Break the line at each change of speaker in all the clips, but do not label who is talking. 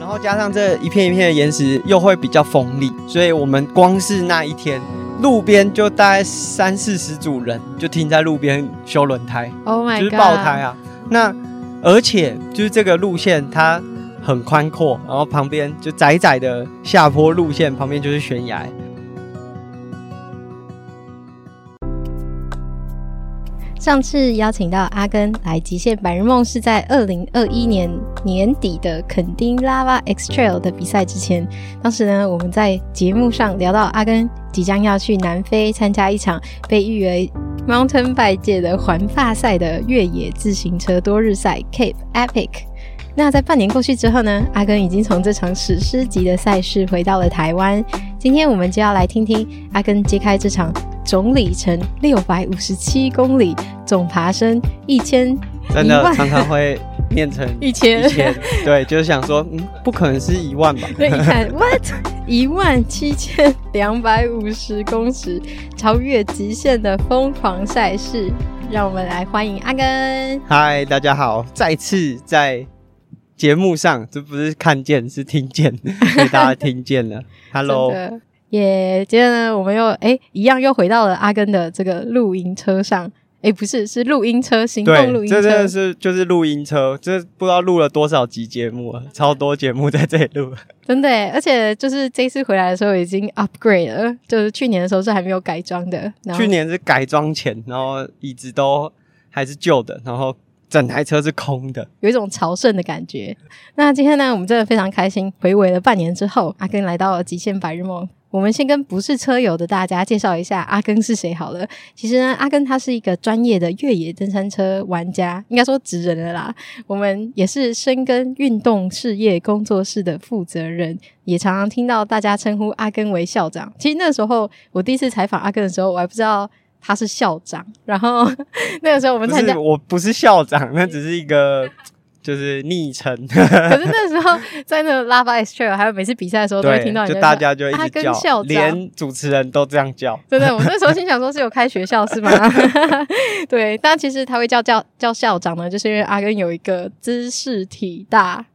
然後加上這一片一片的岩石又會比較鋒利，所以我們光是那一天路邊就大概三四十組人就停在路邊修輪胎，Oh my God. 就是爆胎啊。那而且就是這個路線它很寬闊，然後旁邊就窄窄的下坡路線，旁邊就是懸崖。
上次邀請到阿耕來《極限白日夢》，是在二零二一年年底的墾丁 Lava X Trail 的比賽之前。當時呢，我們在節目上聊到阿耕即將要去南非參加一場被譽為 Mountain Bike 界的環法賽的越野自行車多日賽 Cape Epic。那在半年過去之後呢，阿耕已經從這場史詩級的賽事回到了台灣。今天我們就要來聽聽阿耕揭開這場總里程六百五十七公里、總爬升一千
真的萬常常會念成一千一千,一千，對，就是想說，嗯，不可能是一萬吧？那你看
，what？ 一萬七千兩百五十公尺，超越極限的瘋狂賽事，讓我們來歡迎阿耕。
嗨，大家好，再次在。節目上，這不是看見是聽見，給大家聽見了。 Hello，
耶！今天、yeah, 呢，我們又誒一樣又回到了阿耕的這個錄音車上，誒不是，是錄音車，行動錄音車，這真的是
就是錄音車，這不知道錄了多少集節目啊，超多節目在這裡錄。
真的，而且就是這次回來的時候已經 upgrade 了，就是去年的時候是還沒有改裝的，然後去年
是改裝前，然後椅子都還是舊的，然後。整台車是空的，
有一種朝聖的感覺。那今天呢，我們真的非常開心，睽違了半年之後，阿耕來到了極限白日夢。我們先跟不是車友的大家介紹一下阿耕是誰好了。其實呢，阿耕他是一個專業的越野登山車玩家，應該說職人了啦。我們也是深耕運動事業工作室的負責人，也常常聽到大家稱呼阿耕為校長。其實那時候我第一次採訪阿耕的時候，我還不知道。他是校長，然後 那個時候我們參我
不是校長，那只是一個 就是昵稱。 可
是那時候在那個 LAVA、XTERRA 還有每次比賽的時候對都會聽到你，就是，就大家就一直叫，連
主持人都這樣叫。真的，我那
時候心想說是有開學校 是嗎？ 對，但其實他會叫叫叫校長呢，就是因為阿耕有一個滋事體大。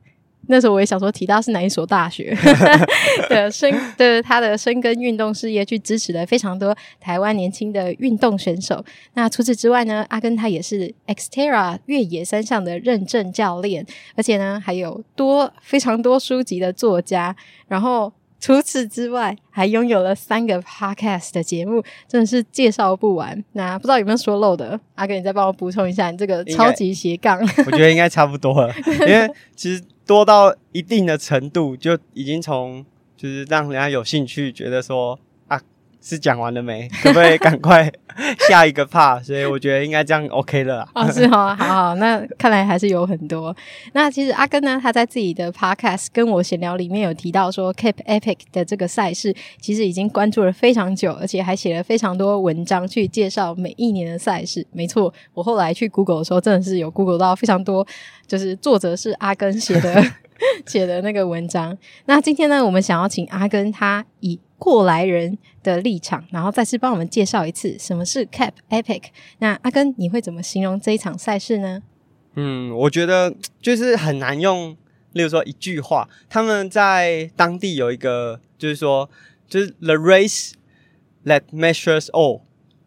那時候我也想說，提到是哪一所大學的生的。他的深耕運動事業去支持了非常多台灣年輕的運動選手。那除此之外呢，阿耕他也是 Xterra 越野三項的認證教練，而且呢還有多非常多書籍的作家，然後。除此之外，還擁有了三個 podcast 的節目，真的是介紹不完。那不知道有沒有說漏的？阿哥，你再幫我補充一下，你這個超級斜槓應該， 我
覺得應該差不多了。因為其實多到一定的程度，就已經從就是讓人家有興趣，覺得說。是講完了沒？可不可以趕快下一個 part 所以我覺得應該這樣 OK 了啊。哦！是哦，好，
好，那看來還是有很多。那其實阿耕呢，他在自己的 podcast 耕我閒聊裡面有提到說，Cape Epic 的這個賽事其實已經關注了非常久，而且還寫了非常多文章去介紹每一年的賽事。沒錯，我後來去 Google 的時候，真的是有 Google 到非常多，就是作者是阿耕寫的 寫的那個文章。那今天呢，我們想要請阿耕他以。過來人的立場，然後再次幫我們介紹一次什麼是 Cape Epic。那阿耕，你會怎麼形容這一場賽事呢？嗯，
我覺得就是很難用，例如說一句話。他們在當地有一個，就是說，就是 The Race That Measures All，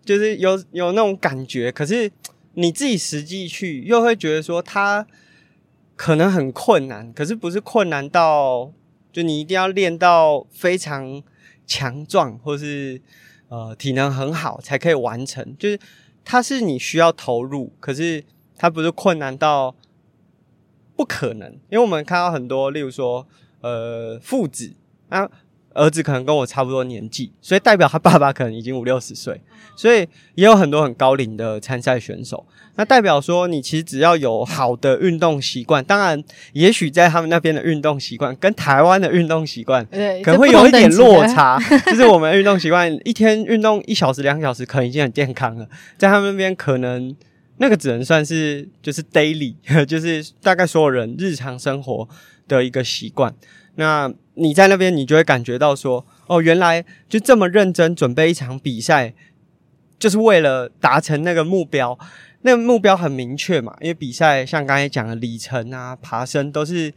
就是有有那種感覺。可是你自己實際去，又會覺得說他可能很困難。可是不是困難到就你一定要練到非常。強壯或是呃體能很好才可以完成，就是它是你需要投入，可是它不是困難到不可能，因為我們看到很多，例如說呃父子啊。兒子可能跟我差不多年紀，所以代表他爸爸可能已經五六十歲，所以也有很多很高齡的參賽選手。那代表說，你其實只要有好的運動習慣，當然，也許在他們那邊的運動習慣跟台灣的運動習慣，可能會有一點落差，就是我們運動習慣一天運動一小時、兩小時，可能已經很健康了，在他們那邊可能。那個只能算是就是 daily，就是大概所有人日常生活的一個習慣。那你在那邊，你就會感覺到說，哦，原來就這麼認真準備一場比賽，就是為了達成那個目標。那個目標很明確嘛，因為比賽像剛才講的里程啊、爬升都是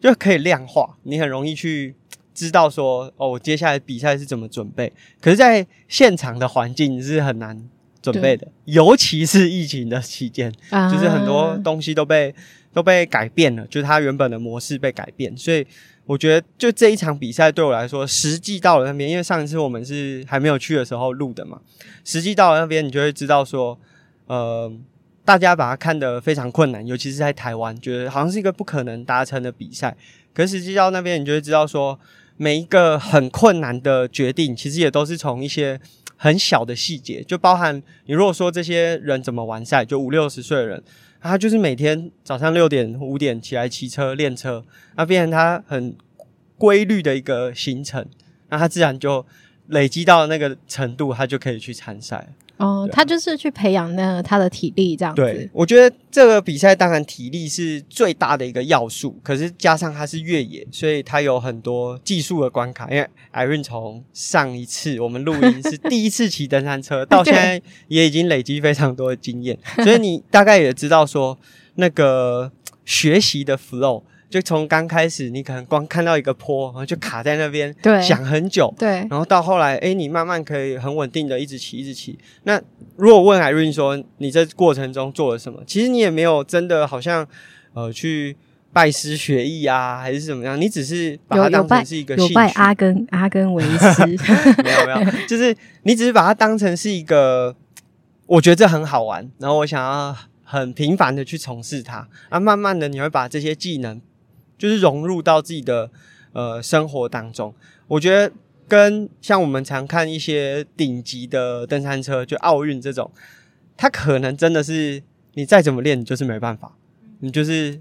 就可以量化，你很容易去知道說，哦，我接下來比賽是怎麼準備。可是，在現場的環境是很難準備的，對尤其是疫情的期間，啊、就是很多東西都被都被改變了，就是它原本的模式被改變，所以我覺得就這一場比賽對我來說，實際到了那邊，因為上一次我們是還沒有去的時候錄的嘛，實際到了那邊，你就會知道說，呃，大家把它看得非常困難，尤其是在台灣，覺得好像是一個不可能達成的比賽，可是實際到那邊，你就會知道說，每一個很困難的決定，其實也都是從一些。很小的細節，就包含你如果說這些人怎麼完賽，就五六十歲的人，啊、他就是每天早上六點、五點起來騎車練車，那、啊、變成他很規律的一個行程，那、啊、他自然就。累積到那個程度，他就可以去參賽。
哦，啊、他就是去培養那個、他的體力這樣子。對，
我覺得這個比賽當然體力是最大的一個要素，可是加上它是越野，所以它有很多技術的關卡。因為 Irene 從上一次我們錄音是第一次騎登山車， 到現在也已經累積非常多的經驗，所以你大概也知道說那個學習的 flow。就從剛開始，你可能光看到一個坡，然後就卡在那邊，對想很久，對然後到後來，哎，你慢慢可以很穩定的一直騎，一直騎。那如果問海瑞說，你這過程中做了什麼？其實你也沒有真的好像，呃，去拜師學藝啊，還是怎麼樣？你只是把它當成是一個興趣。有拜，拜阿
根阿根為師，
沒有沒有，就是你只是把它當成是一個，我覺得這很好玩，然後我想要很頻繁的去從事它，啊，慢慢的你會把這些技能。就是融入到自己的呃生活當中，我覺得跟像我們常看一些頂級的登山車，就奧運這種，它可能真的是你再怎麼練，你就是沒辦法，你就是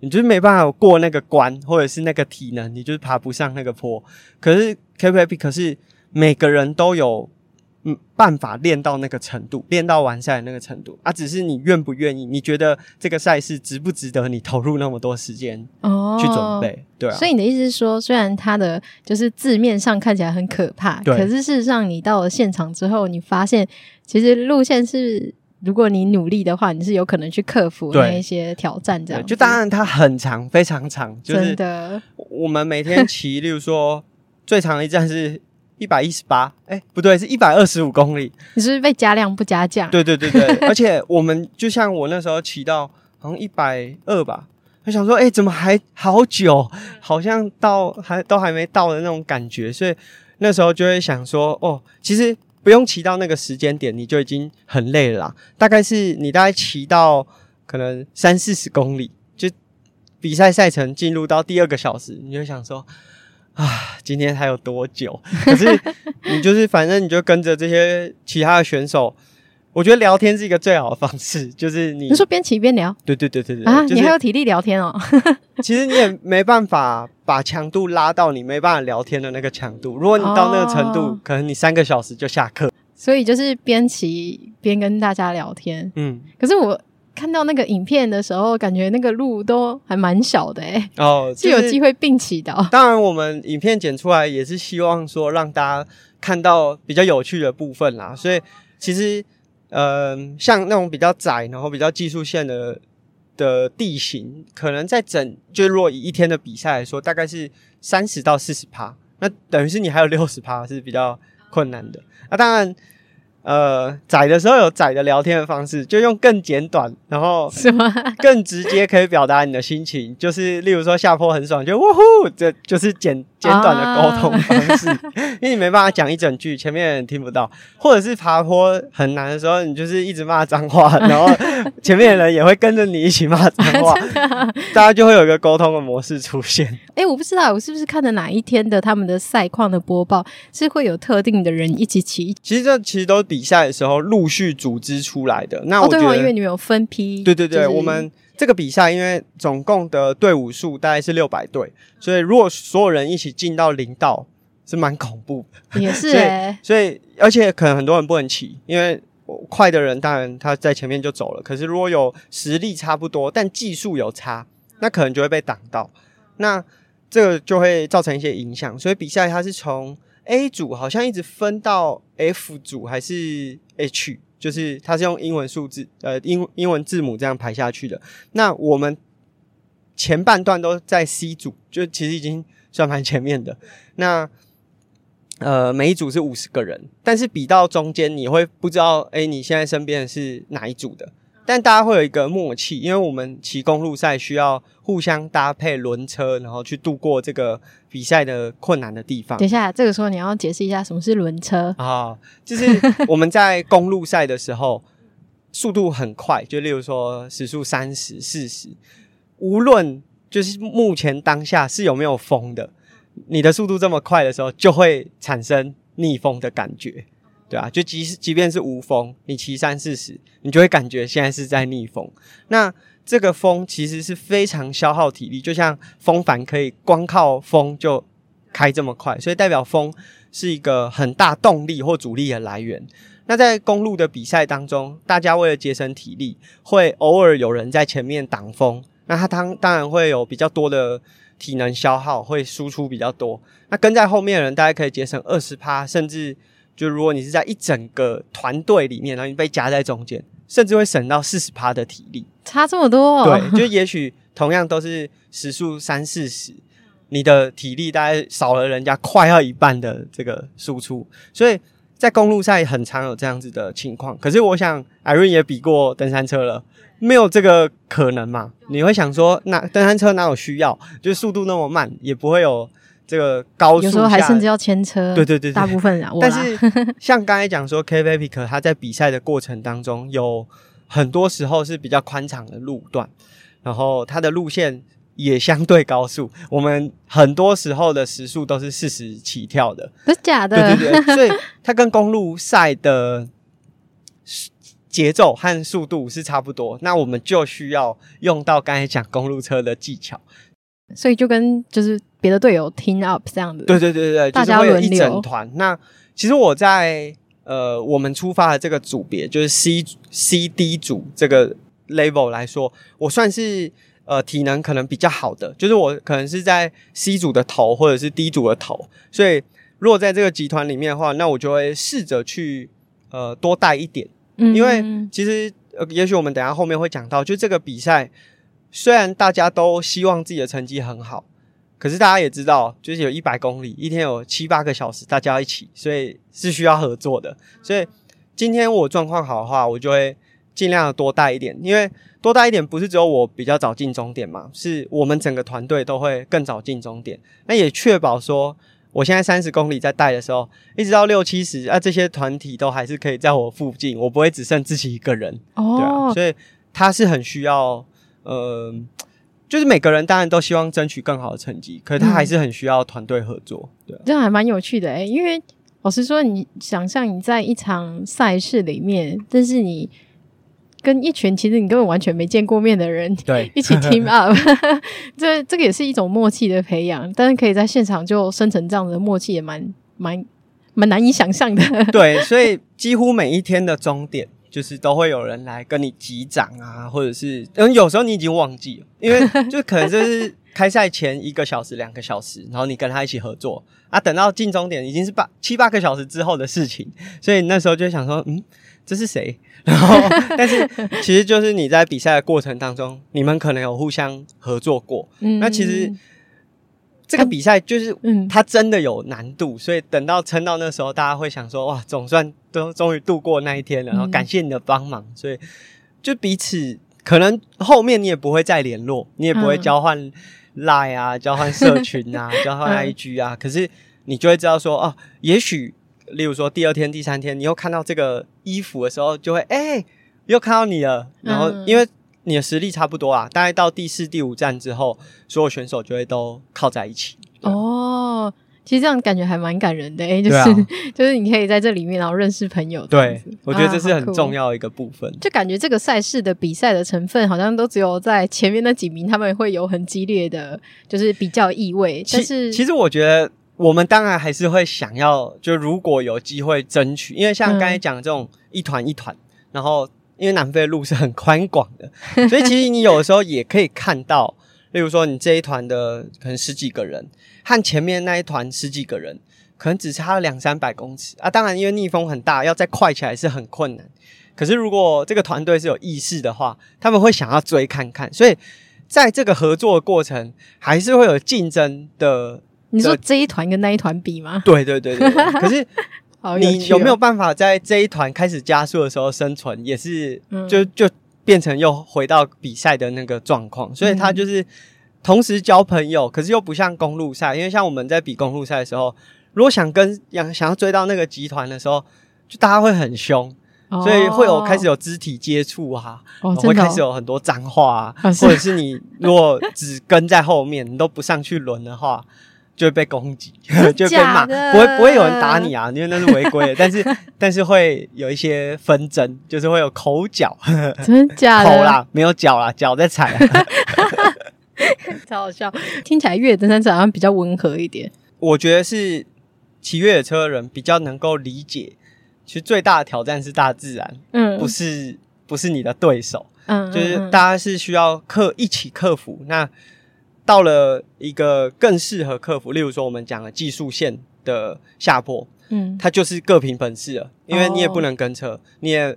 你就是沒辦法過那個關，或者是那個體能，你就是爬不上那個坡。可是 Cape Epic，可是每個人都有。嗯，辦法練到那個程度，練到完賽的那個程度啊，只是你願不願意？你覺得這個賽事值不值得你投入那麼多時間哦？
去準備、哦、對、啊。所以你的意思是說，雖然它的就是字面上看起來很可怕，對可是事實上你到了現場之後，你發現其實路線是，如果你努力的話，你是有可能去克服那一些挑戰的。就當
然它很長，非常長，就是、真的。我們每天騎，例如說 最長的一站是。一百一十八，哎、欸，不對，是一百二十五公里。
你是不是被加量不加價啊？對對
對對，而且我們就像我那時候騎到好像一百二吧， 我想說，哎、欸，怎麼還好久，好像到還都還沒到的那種感覺，所以那時候就會想說，哦，其實不用騎到那個時間點，你就已經很累了啦。大概是你大概騎到可能三四十公里，就比賽賽程進入到第二個小時，你就想說。啊，今天還有多久？可是你就是反正你就跟着這些其他的選手， 我覺得聊天是一個最好的方式。就是你你說
邊騎邊聊，
對對對對對啊，就是、你還有
體力聊天哦。
其實你也沒辦法把強度拉到你沒辦法聊天的那個強度。如果你到那個程度，oh, 可能你三個小時就下課。
所以就是邊騎邊跟大家聊天，嗯。可是我。看到那個影片的時候，感覺那個路都還蠻小的誒、欸、
哦，就是有機會
並騎的。
當然，我們影片剪出來也是希望說讓大家看到比較有趣的部分啦。哦、所以，其實，嗯、呃，像那種比較窄，然後比較技術線的的地形，可能在整就如、是、果以一天的比賽來說，大概是三十到四十趴，那等於是你還有六十趴是比較困難的。那當然。呃，窄的時候有窄的聊天的方式，就用更簡短，然後什麼更直接可以表達你的心情，是嗎？就是例如說下坡很爽，就哇呼，這就是簡簡短的溝通方式，啊、因為你沒辦法講一整句，前面人聽不到，或者是爬坡很難的時候，你就是一直罵髒話，然後前面的人也會跟着你一起罵髒話，啊、大家就會有一個溝通的模式出現。
哎、欸，我不知道我是不是看的哪一天的他們的賽況的播報，是會有
特定的人一起騎，其實這其實都比。比賽的時候陸續組織出來的，那我覺得因為你
們有分批，對對對，我們
這個比賽因為總共的隊伍數大概是六百隊，所以如果所有人一起進到林道是蠻恐怖的，也是對、欸。所以而且可能很多人不能騎，因為快的人當然他在前面就走了，可是如果有實力差不多但技術有差，那可能就會被擋到，那這個就會造成一些影響，所以比賽它是從。A 組好像一直分到 F 組還是 H，就是它是用英文數字呃英英文字母這樣排下去的。那我們前半段都在 C 組，就其實已經算蠻前面的。那呃，每一組是五十個人，但是比到中間，你會不知道哎、欸，你現在身邊是哪一組的。但大家會有一個默契，因為我們騎公路賽需要互相搭配輪車，然後去度過這個比賽的困難的地方。等一下，
這個時候你要解釋一下什麼是輪車
啊。哦，就是我們在公路賽的時候， 速度很快，就例如說時速三十、四十，無論就是目前當下是有沒有風的，你的速度這麼快的時候，就會產生逆風的感覺。對啊，就即使即便是無風，你騎三四十，你就會感覺現在是在逆風。那這個風其實是非常消耗體力，就像風帆可以光靠風就開這麼快，所以代表風是一個很大動力或阻力的來源。那在公路的比賽當中，大家為了節省體力，會偶爾有人在前面擋風，那他當當然會有比較多的體能消耗，會輸出比較多。那跟在後面的人，大概可以節省二十趴，甚至。就如果你是在一整個團隊裡面，然後你被夾在中間，甚至會省到四十趴的體力，
差這麼多哦。對，
就也許同樣都是時速三四十，你的體力大概少了人家快要一半的這個輸出，所以在公路賽很常有這樣子的情況。可是我想 Irene 也比過登山車了，沒有這個可能嘛？你會想說，那登山車哪有需要？就速度那麼慢，也不會有。這個高速，有時候還甚至
要牽車。對，對對對，大部分
啊。但是我啦 像剛才講說 Cape Epic 他在比賽的過程當中，有很多時候是比較寬敞的路段，然後他的路線也相對高速。我們很多時候的時速都是四十起跳的，
真的假的？對
對對， 所以他跟公路賽的節奏和速度是差不多。那我們就需要用到剛才講公路車的技巧，
所以就跟就是。別的隊友 team up 這樣子，對對對對對，大家輪流就是會有一整
團。那其實我在呃，我們出發的這個組別就是 C C D 組這個 level 來說，我算是呃體能可能比較好的，就是我可能是在 C 組的頭或者是 D 組的頭，所以如果在這個集團裡面的話，那我就會試着去呃多帶一點，嗯，因為其實呃，也許我們等一下後面會講到，就這個比賽雖然大家都希望自己的成績很好。可是大家也知道，就是有一百公里，一天有七八個小時，大家一起，所以是需要合作的。所以今天我狀況好的話，我就會盡量的多帶一點，因為多帶一點不是只有我比較早進終點嘛，是我們整個團隊都會更早進終點。那也確保說，我現在三十公里在帶的時候，一直到六七十，啊，這些團體都還是可以在我附近，我不會只剩自己一個人。Oh. 對啊，所以他是很需要，嗯、呃。就是每個人當然都希望爭取更好的成績，可是他還是很需要團隊合作。對、啊嗯，
這還蠻有趣的誒、欸，因為老實說，你想象你在一場賽事裡面，但是你跟一群其實你根本完全沒見過面的人，對， 一起 team up， 這這個也是一種默契的培養。但是可以在現場就生成這樣的默契也，也蠻蠻蠻難
以想象的。 對，所以幾乎每一天的終點。就是都會有人來跟你擊掌啊，或者是嗯，有時候你已經忘記，因為就可能就是開賽前一個小時、兩個小時，然後你跟他一起合作啊，等到進終點已經是八七八個小時之後的事情，所以那時候就會想說，嗯，這是誰？然後，但是其實就是你在比賽的過程當中，你們可能有互相合作過，嗯，那其實。嗯、這個比賽就是，嗯，它真的有難度，嗯、所以等到撐到那時候，大家會想說，哇，總算都終於度過那一天了，然後感謝你的幫忙，嗯、所以就彼此可能後面你也不會再聯絡，你也不會交換 LINE 啊，嗯、交換社群啊， 交換 IG 啊，嗯、可是你就會知道說，哦、啊，也許例如說第二天、第三天，你又看到這個衣服的時候，就會哎、欸，又看到你了，然後因為。你的實力差不多啊，大概到第四、第五站之後，所有選手就會都靠在一起。
哦，其實這樣感覺還蠻感人的、欸，哎，就是，啊、 就是你可以在這裡面然後認識朋友。對，
我覺得這是很重要的一個部分。啊、就
感覺這個賽事的比賽的成分，好像都只有在前面那幾名，他們會有很激烈的就是比較意味。其但是
其實我覺得，我們當然還是會想要，就如果有機會爭取，因為像剛才講的這種一團一團，嗯、然後。因為南非的路是很寬廣的，所以其實你有的時候也可以看到， 例如說你這一團的可能十幾個人，和前面那一團十幾個人，可能只差了兩三百公尺啊。當然，因為逆風很大，要再快起來是很困難。可是如果這個團隊是有意識的話，他們會想要追看看。所以在這個合作的過程，還是會有競爭的。你說
這一團跟那一團比嗎？對對對對， 可是。好有趣哦、你有沒有辦
法在這一團開始加速的時候生存？也是就就變成又回到比賽的那個狀況，所以他就是同時交朋友，可是又不像公路賽，因為像我們在比公路賽的時候，如果想跟想想要追到那個集團的時候，就大家會很凶，所以會有開始有肢體接觸啊，會開始有很多髒話，啊，或者是你如果只跟在後面你都不上去輪的話。就會被攻擊， 就會被罵，的不會不會有人打你啊，因為那是違規的。 但是但是會有一些紛爭，就是會有口角。 真假的？口啦，沒有腳啦，腳在踩
啊。 超好笑，聽起來越野登山車好像比較溫和一點。
我覺得是騎越野車的人比較能夠理解，其實最大的挑戰是大自然，嗯，不是不是你的對手，嗯，嗯，
嗯，就是
大家是需要克一起克服那。到了一個更適合克服，例如說我們講的技術線的下坡，嗯，它就是各憑本事了，因為你也不能跟車，哦、你也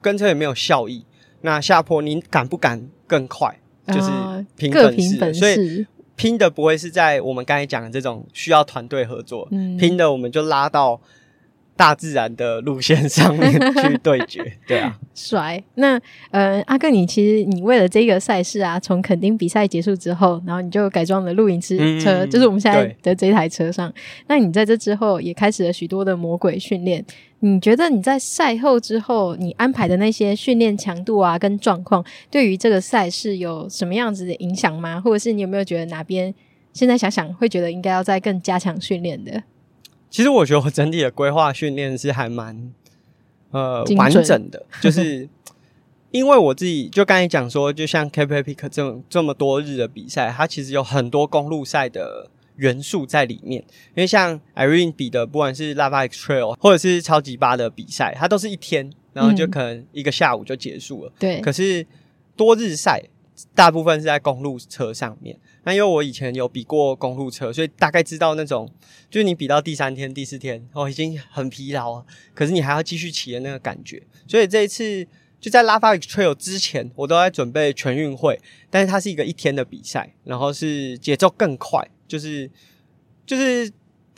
跟車也沒有效益。那下坡你敢不敢更快，就是憑本、本事，所以拼的不會是在我們剛才講的這種需要團隊合作，嗯、拼的我們就拉到。大自然的路線上面去對決，對
啊，帥。 那呃、嗯，阿哥，你其實你為了這個賽事啊，從墾丁比賽結束之後，然後你就改裝了露營車車，嗯嗯嗯，就是我們現在的這台車上。對那你在這之後也開始了許多的魔鬼訓練。你覺得你在賽後之後，你安排的那些訓練強度啊，跟狀況，對於這個賽事有什麼樣子的影響嗎？或者是你有沒有覺得哪邊現在想想會覺得應該要再更加強訓練的？
其實我覺得我整體的規劃訓練是還蠻呃準完整的，就是因為我自己就剛才講說，就像 Cape Epic 這麼這麼多日的比賽，它其實有很多公路賽的元素在裡面。因為像 Irene 比的，不管是 Lava X Trail 或者是超級八的比賽，它都是一天，然後就可能一個下午就結束了。嗯、對，可是多日賽。大部分是在公路車上面，那因為我以前有比過公路車，所以大概知道那種，就是你比到第三天、第四天，哦，已經很疲勞了，可是你還要繼續騎的那個感覺。所以這一次就在拉法特 trail 之前，我都在準備全運會，但是它是一個一天的比賽，然後是節奏更快，就是就是。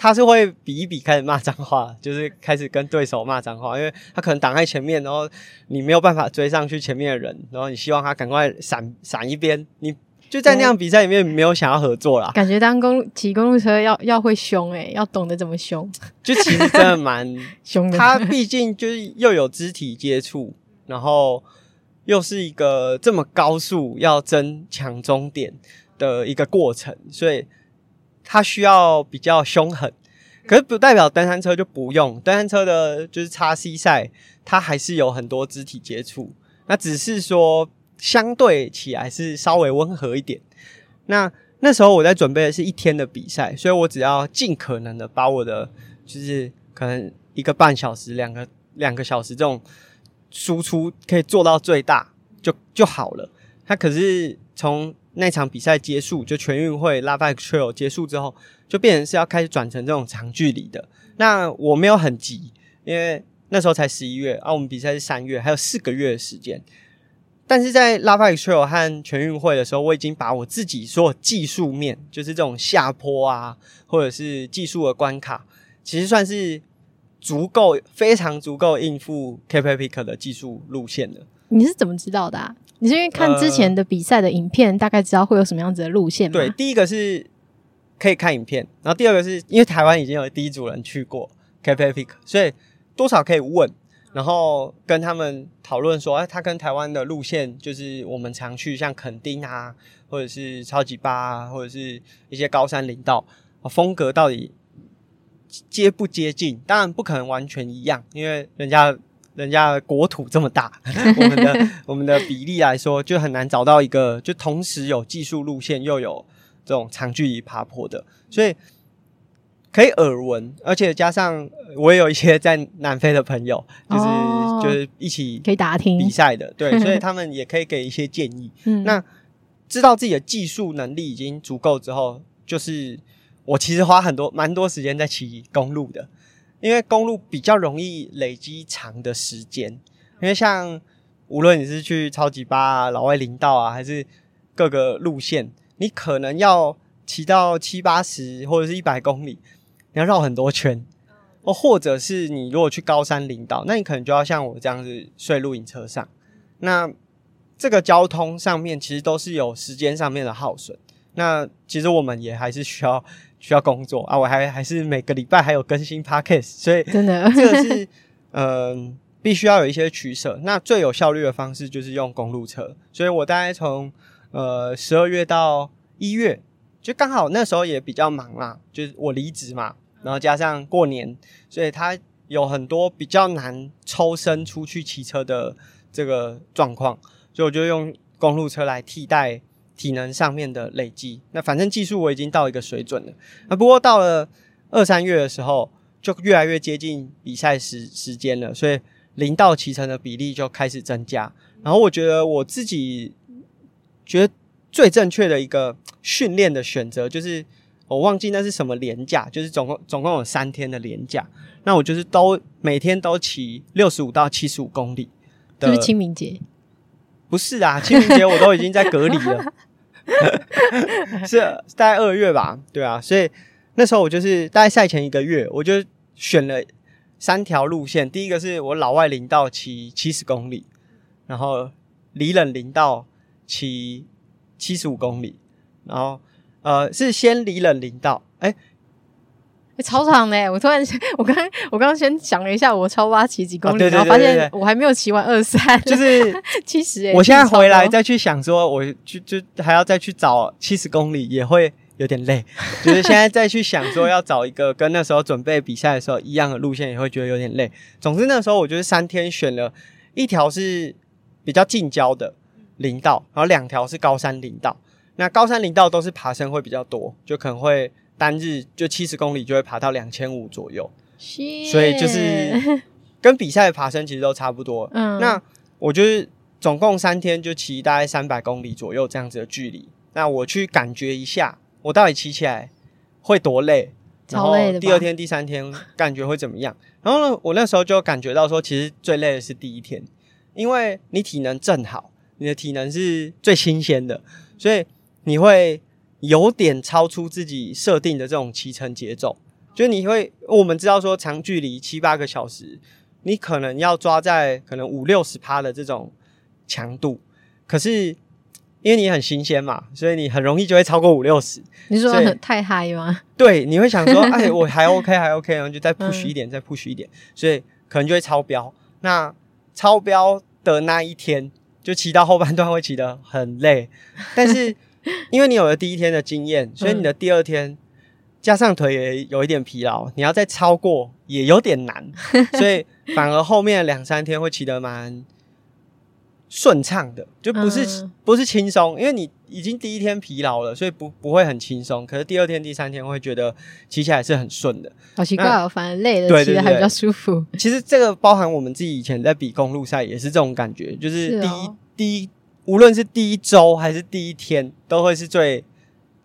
他是會比一比，開始罵髒話，就是開始跟對手罵髒話，因為他可能擋在前面，然後你沒有辦法追上去前面的人，然後你希望他趕快閃閃一邊，你就在那樣比賽裡面沒有想要合作啦。嗯、
感覺當公騎公路車要要會凶誒、欸、要懂得怎麼凶，
就其實真的蠻 凶的。他畢竟就是又有肢體接觸，然後又是一個這麼高速要爭搶終點的一個過程，所以。它需要比較凶狠，可是不代表登山車就不用。登山車的就是 XC 賽，它還是有很多肢體接觸，那只是說相對起來是稍微溫和一點。那那時候我在準備的是一天的比賽，所以我只要盡可能的把我的就是可能一個半小時、兩個兩個小時這種輸出可以做到最大就就好了。那可是從那場比賽結束，就全運會 Lava X Trail 結束之後，就變成是要開始轉成這種長距離的。那我沒有很急，因為那時候才十一月啊，我們比賽是三月，還有四個月的時間。但是在 Lava X Trail 和全運會的時候，我已經把我自己所有技術面，就是這種下坡啊，或者是技術的關卡，其實算是足夠，非常足夠應付 Cape Epic 的技術路線了。
你是怎麼知道的、啊？你是因為看之前的比賽的影片，呃、大概知道會有什麼樣子的路線嗎？對，第
一個是可以看影片，然後第二個是因為台灣已經有第一組人去過 Cape Epic，所以多少可以問，然後跟他們討論說，哎、啊，他跟台灣的路線，就是我們常去像墾丁啊，或者是超級巴，或者是一些高山林道、啊、風格，到底接不接近？當然不可能完全一樣，因為人家。人家國土這麼大，我們的我們的比例來說 就很難找到一個，就同時有技術路線又有這種長距離爬坡的，所以可以耳聞，而且加上我也有一些在南非的朋友，就是、oh, 就是一起可以打聽比賽的，對，所以他們也可以給一些建議。 那知道自己的技術能力已經足夠之後，就是我其實花很多蠻多時間在騎公路的。因為公路比較容易累積長的時間，因為像無論你是去超級巴啊，老外林道啊，還是各個路線，你可能要騎到七八十或者是一百公里，你要繞很多圈，哦，或者是你如果去高山林道，那你可能就要像我這樣子睡露營車上，那這個交通上面其實都是有時間上面的耗損，那其實我們也還是需要。需要工作啊，我還還是每個禮拜還有更新 podcast，所以真的這個是嗯、 呃，必須要有一些取捨。那最有效率的方式就是用公路車，所以我大概從呃十二月到一月，就剛好那時候也比較忙啦，就是我離職嘛，然後加上過年，所以他有很多比較難抽身出去騎車的這個狀況，所以我就用公路車來替代。體能上面的累積，那反正技術我已經到一個水準了。那不過到了二三月的時候，就越來越接近比賽時時間了，所以零到七成的比例就開始增加。然後我覺得我自己覺得最正確的一個訓練的選擇，就是我忘記那是什麼連假，就是總共總共有三天的連假。那我就是都每天都騎六十五到七十五公里的。就是,是清明節？不是啊，清明節我都已經在隔離了。 是，大概二月吧，對啊，所以那時候我就是大概賽前一個月，我就選了三條路線。第一個是我老外林道騎七十公里，然後裡冷林道騎七十五公里，然後呃，是先裡冷林道。誒
超長呢、欸！我突然，我剛，我剛剛先想了一下，我超八騎幾公里，然後發現我還沒有騎完二三，就是七十。 70欸，我現在回
來再去想說我去，我就就還要再去找七十公里，也會有點累。 就是現在再去想說，要找一個跟那時候準備比賽的時候一樣的路線，也會覺得有點累。總之那時候，我就是三天選了一條是比較近郊的林道，然後兩條是高山林道。那高山林道都是爬升會比較多，就可能會。單日就七十公里就會爬到兩千五左右
，Yeah. 所以就是
跟比賽的爬升其實都差不多。嗯，那我就是總共三天就騎大概三百公里左右這樣子的距離。那我去感覺一下，我到底騎起來會多累，累
的然後第二天、
第三天感覺會怎麼樣？然後呢，我那時候就感覺到說，其實最累的是第一天，因為你體能正好，你的體能是最新鮮的，所以你會。有點超出自己設定的這種騎乘節奏，就你會，我們知道說長距離七八個小時，你可能要抓在可能五六十趴的這種強度，可是因為你很新鮮嘛，所以你很容易就會超過五六十。60，你說以
太嗨嗎？
對，你會想說，哎，我還 OK， 還 OK，然後就再 push 一點，嗯、再 push 一點，所以可能就會超標。那超標的那一天，就騎到後半段會騎得很累，但是。 因為你有了第一天的經驗，所以你的第二天、嗯、加上腿也有一點疲勞，你要再超過也有點難， 所以反而後面兩三天會騎得蠻順暢的，就不是、嗯、不是輕鬆，因為你已經第一天疲勞了，所以不不會很輕鬆。可是第二天、第三天會覺得騎起來是很順的，好、哦、奇怪哦，
那反而累了騎起來還比較舒
服。其實這個包含我們自己以前在比公路賽也是這種感覺，就是第一是、哦、第一。無論是第一周還是第一天，都會是最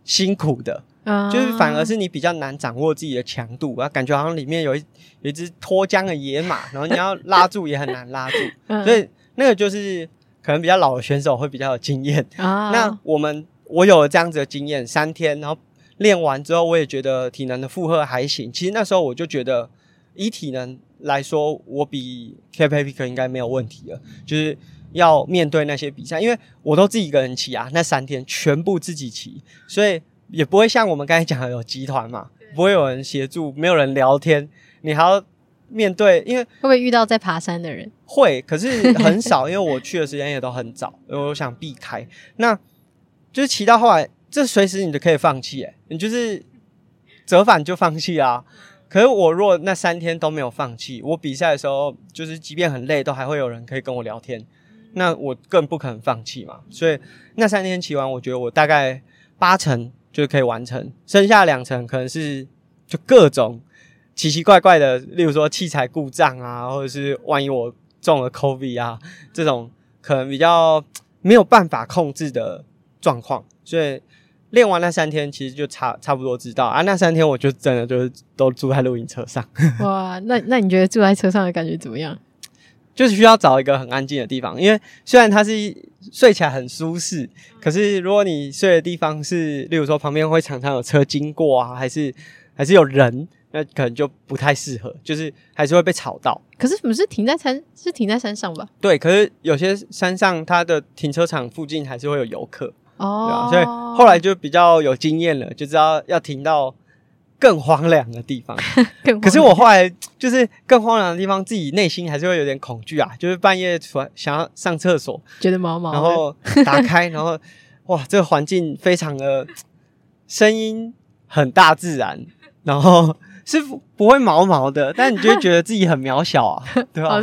辛苦的，嗯、就是反而是你比較難掌握自己的強度，啊，感覺好像裡面有一有一隻脫韁的野馬， 然後你要拉住也很難拉住，嗯、所以那個就是可能比較老的選手會比較有經驗啊。嗯、那我們我有了這樣子的經驗，三天然後練完之後，我也覺得體能的負荷還行。其實那時候我就覺得，以體能來說，我比 k a p 可應該沒有問題了，就是。要面對那些比賽，因為我都自己一個人騎啊，那三天全部自己騎，所以也不會像我們剛才講的有集團嘛，不會有人協助，沒有人聊天，你還要面對，因為
會不會遇到在爬山的人？
會，可是很少，因為我去的時間也都很早， 我想避開。那就是騎到後來，這隨時你都可以放棄，欸，你就是折返就放棄啊。可是我若那三天都沒有放棄，我比賽的時候，就是即便很累，都還會有人可以跟我聊天。那我更不可能放棄嘛，所以那三天騎完，我覺得我大概八成就是可以完成，剩下兩成可能是就各種奇奇怪怪的，例如說器材故障啊，或者是萬一我中了 COVID 啊，這種可能比較沒有辦法控制的狀況。所以練完那三天，其實就差差不多知道啊，那三天我就真的就是都住在露營車上。
哇，那那你覺得住在車上的感覺怎麼樣？
就是需要找一個很安靜的地方，因為雖然它是睡起來很舒適，可是如果你睡的地方是，例如說旁邊會常常有車經過啊，還是還是有人，那可能就不太適合，就是還是會被吵到。
可是我們是停在山，是停在山上吧？
對，可是有些山上它的停車場附近還是會有遊客哦，oh. 對啊，所以後來就比較有經驗了，就知道要停到。更荒涼的地方， 更荒涼。可是我後來就是更荒涼的地方，自己內心還是會有點恐懼啊。就是半夜出來想要上廁所，
覺得毛毛，然後
打開，然後哇，這個環境非常的，聲音很大自然，然後是不會毛毛的，但你就會覺得自己很渺小啊， 對吧？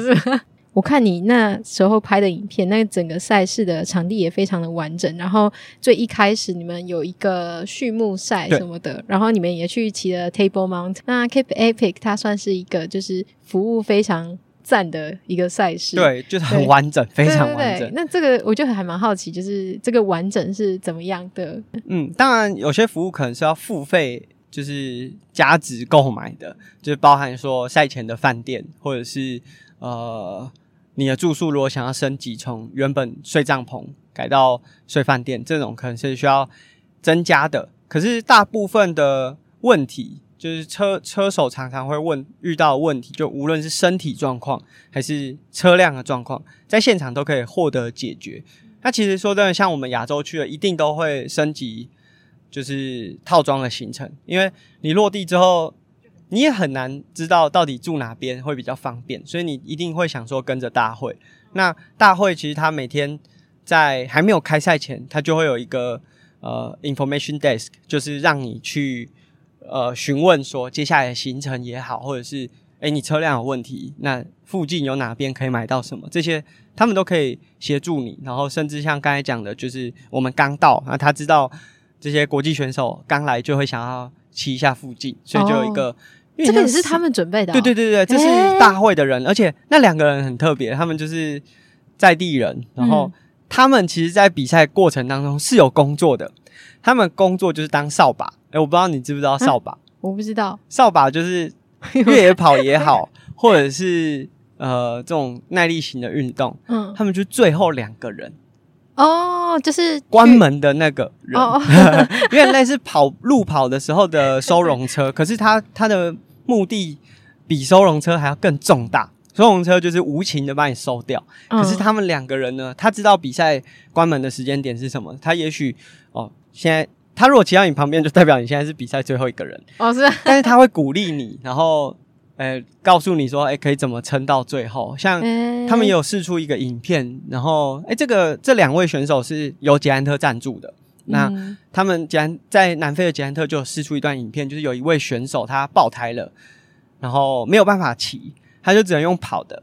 我看你那時候拍的影片，那整個賽事的場地也非常的完整。然後最一開始你們有一個序幕賽什麼的，對然後你們也去騎了 table mount。那 Cape Epic 它算是一個就是服務非常讚的一個賽事，對，就是很完
整，對非常完整對對對對。那
這個我就還蠻好奇，就是這個完整是怎麼樣的？嗯，
當然有些服務可能是要付費，就是加值購買的，就是、包含說賽前的飯店或者是呃。你的住宿如果想要升級，從原本睡帳篷改到睡飯店，這種可能是需要增加的。可是大部分的問題，就是車車手常常會問遇到的問題，就無論是身體狀況還是車輛的狀況，在現場都可以獲得解決。那其實說真的，像我們亞洲區的，一定都會升級，就是套裝的行程，因為你落地之後。你也很難知道到底住哪邊會比較方便，所以你一定會想說跟着大會。那大會其實他每天在還沒有開賽前，他就會有一個呃 Information Desk，就是讓你去呃詢問說接下來的行程也好，或者是誒、欸、你車輛有問題，那附近有哪邊可以買到什麼這些，他們都可以協助你。然後甚至像剛才講的，就是我們剛到，那他知道這些國際選手剛來就會想要騎一下附近，所以就有一個。Oh. 因為這個也是他
們準備的、哦。對對對對，這是大
會的人，欸、而且那兩個人很特別，他們就是在地人，然後、嗯、他們其實在比賽過程當中是有工作的，他們工作就是當掃把。哎、欸，我不知道你知不知道掃把、
嗯？我不知道，
掃把就是越野跑也好， 或者是呃這種耐力型的運動，嗯，他們就最後兩個人
哦，就是
關門的那個人，有點類似跑路跑的時候的收容車， 可是他他的。目的比收容車還要更重大。收容車就是無情的把你收掉，哦、可是他們兩個人呢，他知道比賽關門的時間點是什麼。他也許哦，現在他如果騎到你旁邊，就代表你現在是比賽最後一個人。哦，是、啊。但是他會鼓勵你，然後誒、欸，告訴你說，哎、欸，可以怎麼撐到最後？像他們也有釋出一個影片，然後哎、欸，這個這兩位選手是由捷安特贊助的。那、嗯、他們捷安在南非的捷安特就釋出一段影片，就是有一位選手他爆胎了，然後沒有辦法騎，他就只能用跑的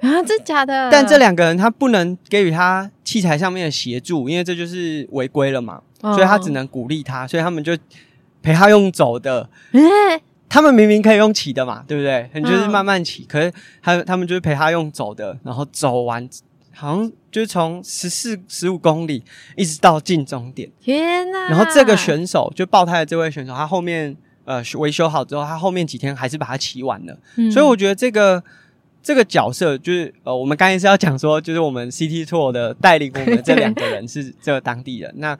啊。真的假的？但這兩
個人他不能給予他器材上面的協助，因為這就是違規了嘛，哦、所以他只能鼓勵他，所以他們就陪他用走的，嗯、他們明明可以用騎的嘛，對不對？你就是慢慢騎，嗯、可是他他們就是陪他用走的，然後走完。好像就是從十四十五公里一直到進終點，
天哪、啊！然後這
個選手，就爆胎的這位選手，他後面呃維修好之後，他後面幾天還是把它騎完了。嗯、所以我覺得這個這個角色就是呃，我們剛才是要講說，就是我們 CT Tour 的帶領我們這兩個人是這個當地人。 那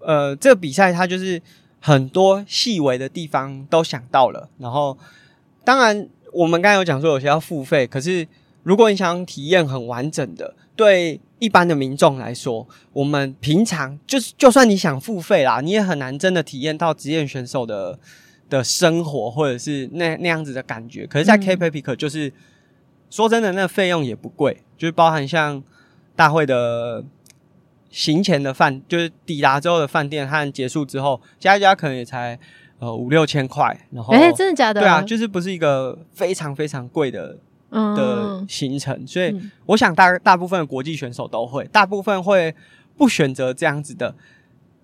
呃，這個比賽他就是很多細微的地方都想到了。然後當然我們剛才有講說有些要付費，可是。如果你想體驗很完整的，對一般的民眾來說，我們平常就是就算你想付費啦，你也很難真的體驗到職業選手的的生活或者是那那樣子的感覺。可是，在 Cape Epic 就是、嗯、說真的，那費用也不貴，就是包含像大會的行前的飯，就是抵達之後的飯店和結束之後，加一加可能也才呃五六千塊。然後，哎、欸，真的假的、啊？對啊，就是不是一個非常非常貴的。的行程，嗯、所以我想大大部分的國際選手都會，大部分會不選擇這樣子的，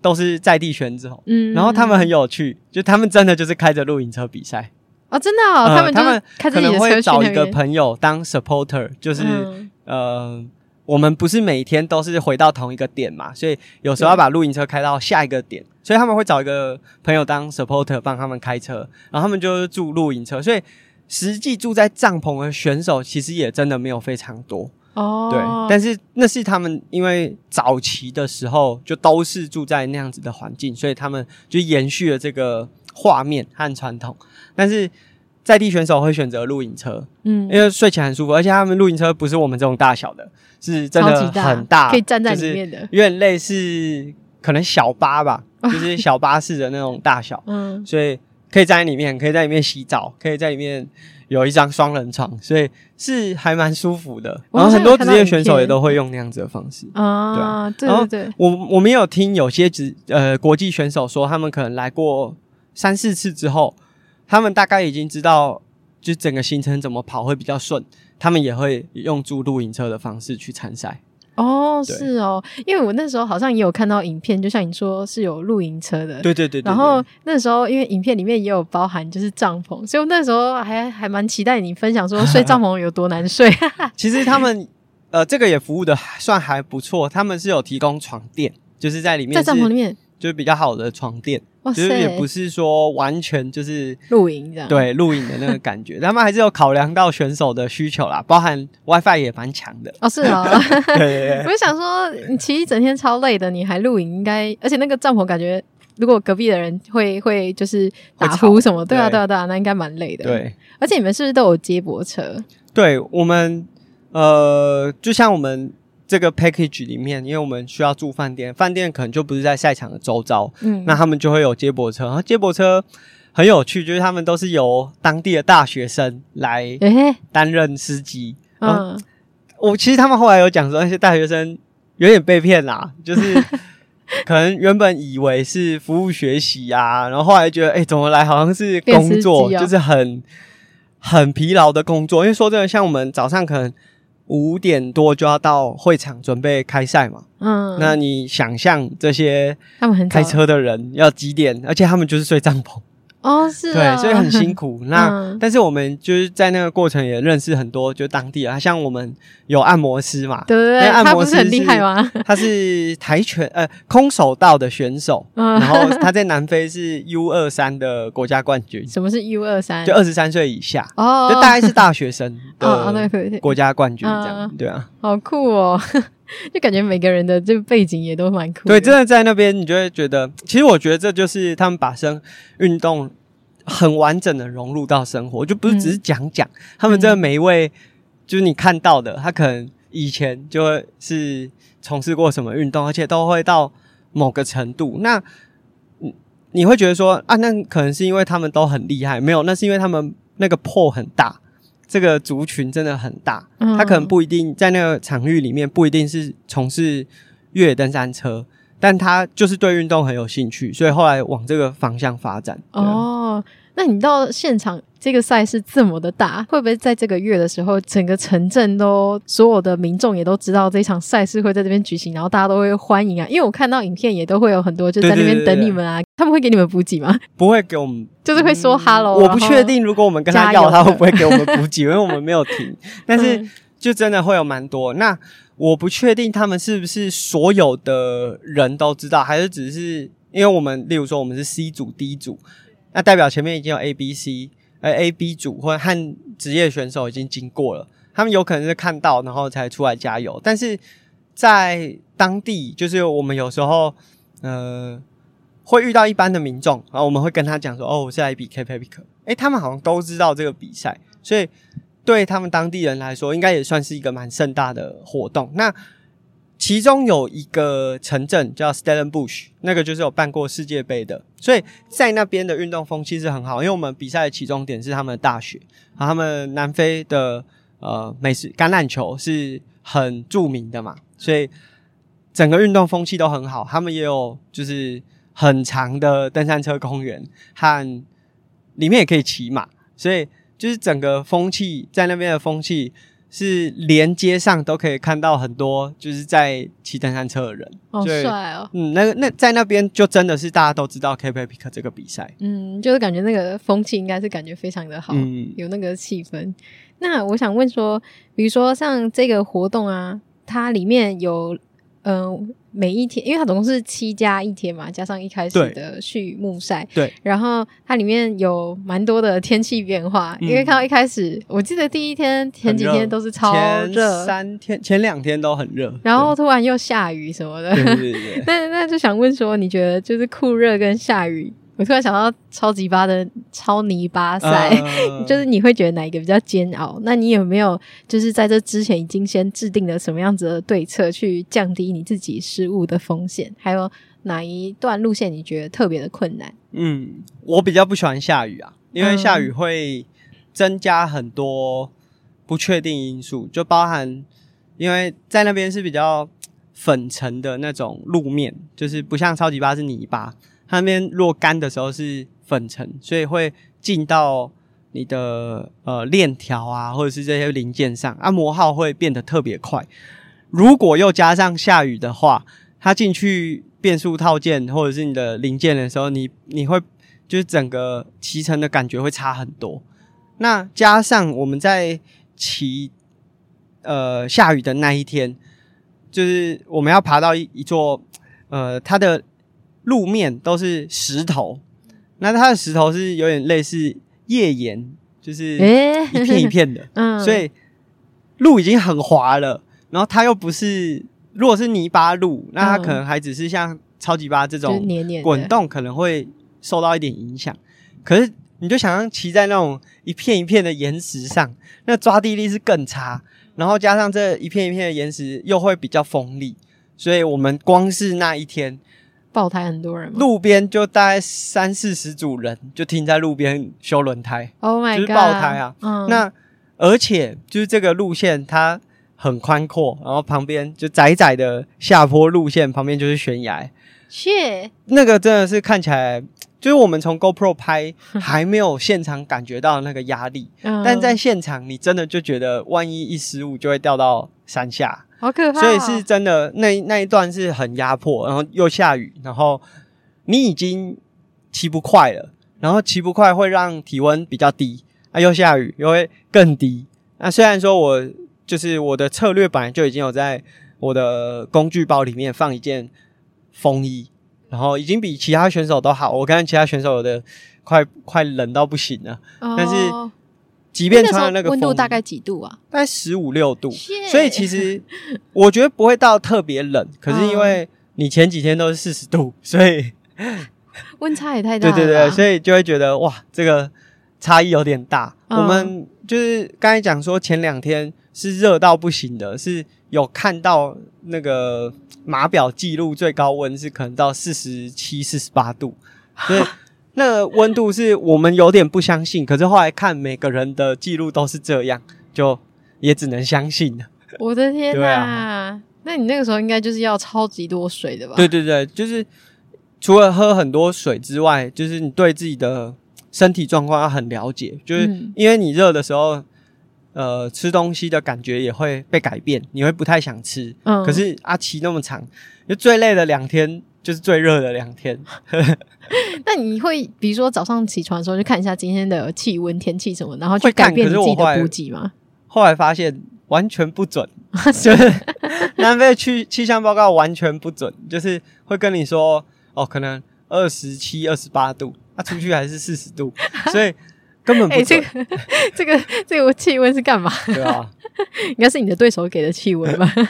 都是在地選手。嗯，然後他們很有趣，嗯、就他們真的就是開着露營車比賽
哦，真的、哦，呃、他們他們可能會找一個朋
友當 supporter，、嗯、就是呃，我們不是每天都是回到同一個點嘛，所以有時候要把露營車開到下一個點，對所以他們會找一個朋友當 supporter 幫他們開車，然後他們就住露營車，所以。實際住在帳篷的選手，其實也真的沒有非常多哦。Oh. 對，但是那是他們因為早期的時候就都是住在那樣子的環境，所以他們就延續了這個畫面和傳統。但是在地選手會選擇露營車，嗯，因為睡起來很舒服，而且他們露營車不是我們這種大小的，是真的很大，大可以站在裡面的，有點類似可能小巴吧， 就是小巴士的那種大小， 嗯，所以。可以在裡面，可以在裡面洗澡，可以在裡面有一張雙人床，所以是還蠻舒服的。然後很多職業選手也都會用那樣子的方式啊，
對對對，然後
我我們有聽有些職呃國際選手說，他們可能來過三四次之後，他們大概已經知道就整個行程怎麼跑會比較順，他們也會用租露營車的方式去參賽。
哦，oh, 對是哦，因為我那時候好像也有看到影片，就像你說是有露營車的，對對，對對對，然後那時候因為影片裡面也有包含就是帳篷，所以我那時候還還蠻期待你分享說睡帳篷有多難睡。
其實他們呃這個也服務的算還不錯，他們是有提供床墊，就是在裡面在帳篷裡面。就是比較好的床墊，其實塞也不是說完全就是
露營這樣，對
露營的那個感覺，他們 還是有考量到選手的需求啦，包含 WiFi 也蠻強的。哦，是啊、哦， 對對對，我就
想說你騎一整天超累的，你還露營，應該，而且那個帳篷感覺，如果隔壁的人會會就是打呼什麼，吵對啊對啊對啊，對那應該蠻累的。對，而且你們是不是都有接駁車？
對，我們呃，就像我們。這個 package 裡面，因為我們需要住飯店，飯店可能就不是在賽場的周遭，嗯，那他們就會有接駁車，然後接駁車很有趣，就是他們都是由當地的大學生來擔任司機，欸、後嗯，我其實他們後來有講說那些大學生有點被騙啦，就是可能原本以為是服務學習呀、啊， 然後後來覺得誒、欸、怎麼來好像是工作，啊、就是很很疲勞的工作，因為說真的，像我們早上可能。五點多就要到會場準備開賽嘛，嗯，那你想象這些他們開車的人要幾點？而且他們就是睡帳篷。哦，oh, 是、啊、對，所以很辛苦。嗯、那但是我們就是在那個過程也認識很多，就當地啊，像我們有按摩師嘛，對，對，對，那按摩師很厲害嗎？他是跆拳呃空手道的選手，嗯、然後他在南非是 U 二三的國家冠軍。什麼
是 U 二三？就二十
三歲以下哦，哦，哦、就大概是大學生。哦，那可以，好的，國家冠軍這樣， 哦哦對啊、
呃，好酷哦。就感覺每個人的這個背景也都蠻酷。對，
真的在那邊，你就會覺得，其實我覺得這就是他們把生運動很完整的融入到生活，就不是只是講講。嗯、他們這每一位，嗯、就是你看到的，他可能以前就會是從事過什麼運動，而且都會到某個程度。那，你會覺得說啊，那可能是因為他們都很厲害，沒有，那是因為他們那個 pool 很大。這個族群真的很大，他可能不一定在那個場域裡面，不一定是從事越野登山車，但他就是對運動很有興趣，所以後來往這個方向發展。
啊、哦，那你到現場。這個賽事這麼的大，會不會在這個月的時候，整個城鎮都，所有的民眾也都知道這一場賽事會在這邊舉行，然後大家都會歡迎啊？因為我看到影片也都會有很多就在那邊等你們啊，他們會給你們補給嗎？
不會給我們，
就是會說 “hello”、嗯。然後，我不確定，
如果我們跟他要，他會不會給我們補給？ 因為我們沒有停，但是就真的會有蠻多。那我不確定他們是不是所有的人都知道，還是只是因為我們，例如說我們是 C 組、D 組，那代表前面已經有 A、B、C。呃 A B 組或者和職業選手已經經過了，他們有可能是看到，然後才出來加油。但是在當地，就是我們有時候呃會遇到一般的民眾，然後我們會跟他講說：“哦，我是來比 Cape Epic。欸，他們好像都知道這個比賽，所以對他們當地人來說，應該也算是一個蠻盛大的活動。那，其中有一個城鎮叫 Stellenbosch，那個就是有辦過世界杯的，所以在那邊的運動風氣是很好。因為我們比賽的起終點是他們的大學，然後他們南非的呃，美式橄欖球是很著名的嘛，所以整個運動風氣都很好。他們也有就是很長的登山車公園，和裡面也可以騎馬，所以就是整個風氣在那邊的風氣。是連街上都可以看到很多就是在騎登山車的人，好帥哦！嗯，那那在那邊就真的是大家都知道 Cape Epic 這個比賽，
嗯，就是感覺那個風氣應該是感覺非常的好，嗯、有那個氣氛。那我想問說，比如說像這個活動啊，它裡面有。嗯，每一天，因為它總共是七加一天嘛，加上一開始的序幕賽，對，然後它裡面有蠻多的天氣變化，對因為看到一開始，我記得第一天，前幾天都是超熱，三
天，前兩天都很熱，
然後突然又下雨什麼的，那那就想問說，你覺得就是酷熱跟下雨，我突然想到超級巴的超泥巴賽、嗯， 就是你會覺得哪一個比較煎熬？那你有沒有就是在這之前已經先制定了什麼樣子的對策去降低你自己失誤的風險？還有哪一段路線你覺得特別的困難？
嗯，我比較不喜歡下雨啊，因為下雨會增加很多不確定因素，就包含因為在那邊是比較粉塵的那種路面，就是不像超級巴是泥巴。它那邊若干的時候是粉塵，所以會進到你的呃鏈條啊，或者是這些零件上，啊磨耗會變得特別快。如果又加上下雨的話，它進去變速套件或者是你的零件的時候，你你會就是整個騎乘的感覺會差很多。那加上我們在騎呃下雨的那一天，就是我們要爬到一一座呃它的。路面都是石頭，那它的石頭是有點類似頁岩，就是一片一片的，欸 嗯、所以路已經很滑了。然後它又不是，如果是泥巴路，那它可能還只是像超級巴這種，滾動可能會受到一點影響。可是你就想象騎在那種一片一片的岩石上，那抓地力是更差，然後加上這一片一片的岩石又會比較鋒利，所以我們光是那一天。
爆胎很多人嗎？
路邊就大概三四十組人，就停在路邊修輪胎，oh my God, 就是爆胎啊。嗯。那而且就是這個路線它很寬闊，然後旁邊就窄窄的下坡路線，旁邊就是懸崖。
去，
那個真的是看起來，就是我們從 GoPro 拍還沒有現場感覺到那個壓力，嗯。但在現場你真的就覺得萬一一失誤就會掉到山下。好可怕，啊！所以是真的，那那一段是很壓迫，然後又下雨，然後你已經騎不快了，然後騎不快會讓體溫比較低啊，又下雨又會更低。那、啊、雖然說我就是我的策略本來就已經有在我的工具包裡面放一件風衣，然後已經比其他選手都好。我看其他選手有的快快冷到不行了，哦、但是。即便穿的那個風，溫度大
概幾度啊？
大概十五六度，Yeah 所以其實我覺得不會到特別冷。 可是因為你前幾天都是四十度，所以
溫差也太大。對對對，
所以就會覺得哇，這個差異有點大。 我們就是剛才講說，前兩天是熱到不行的，是有看到那個碼錶記錄最高溫是可能到四十七、四十八度，所以。 那溫度是我們有點不相信， 可是後來看每個人的記錄都是這樣，就也只能相信了。
我的天哪 對啊！那你那個時候應該就是要超級多水的吧？對
對對，就是除了喝很多水之外，就是你對自己的身體狀況要很了解。就是因為你熱的時候，嗯、呃，吃東西的感覺也會被改變，你會不太想吃。嗯。可是阿奇那麼長。就最累的兩天，就是最熱的兩天。
那你會比如說早上起床的時候，就看一下今天的氣溫、天氣什麼，然後去改變自己的補給
嗎後，後來發現完全不準， 就是 南非氣氣象報告完全不準，就是會跟你說哦，可能二十七、二十八度，他、啊、出去還是四十度， 所以根本不準。欸、
這個 這個這個氣溫是幹嘛？對啊，應該 是你的對手給的氣溫吧。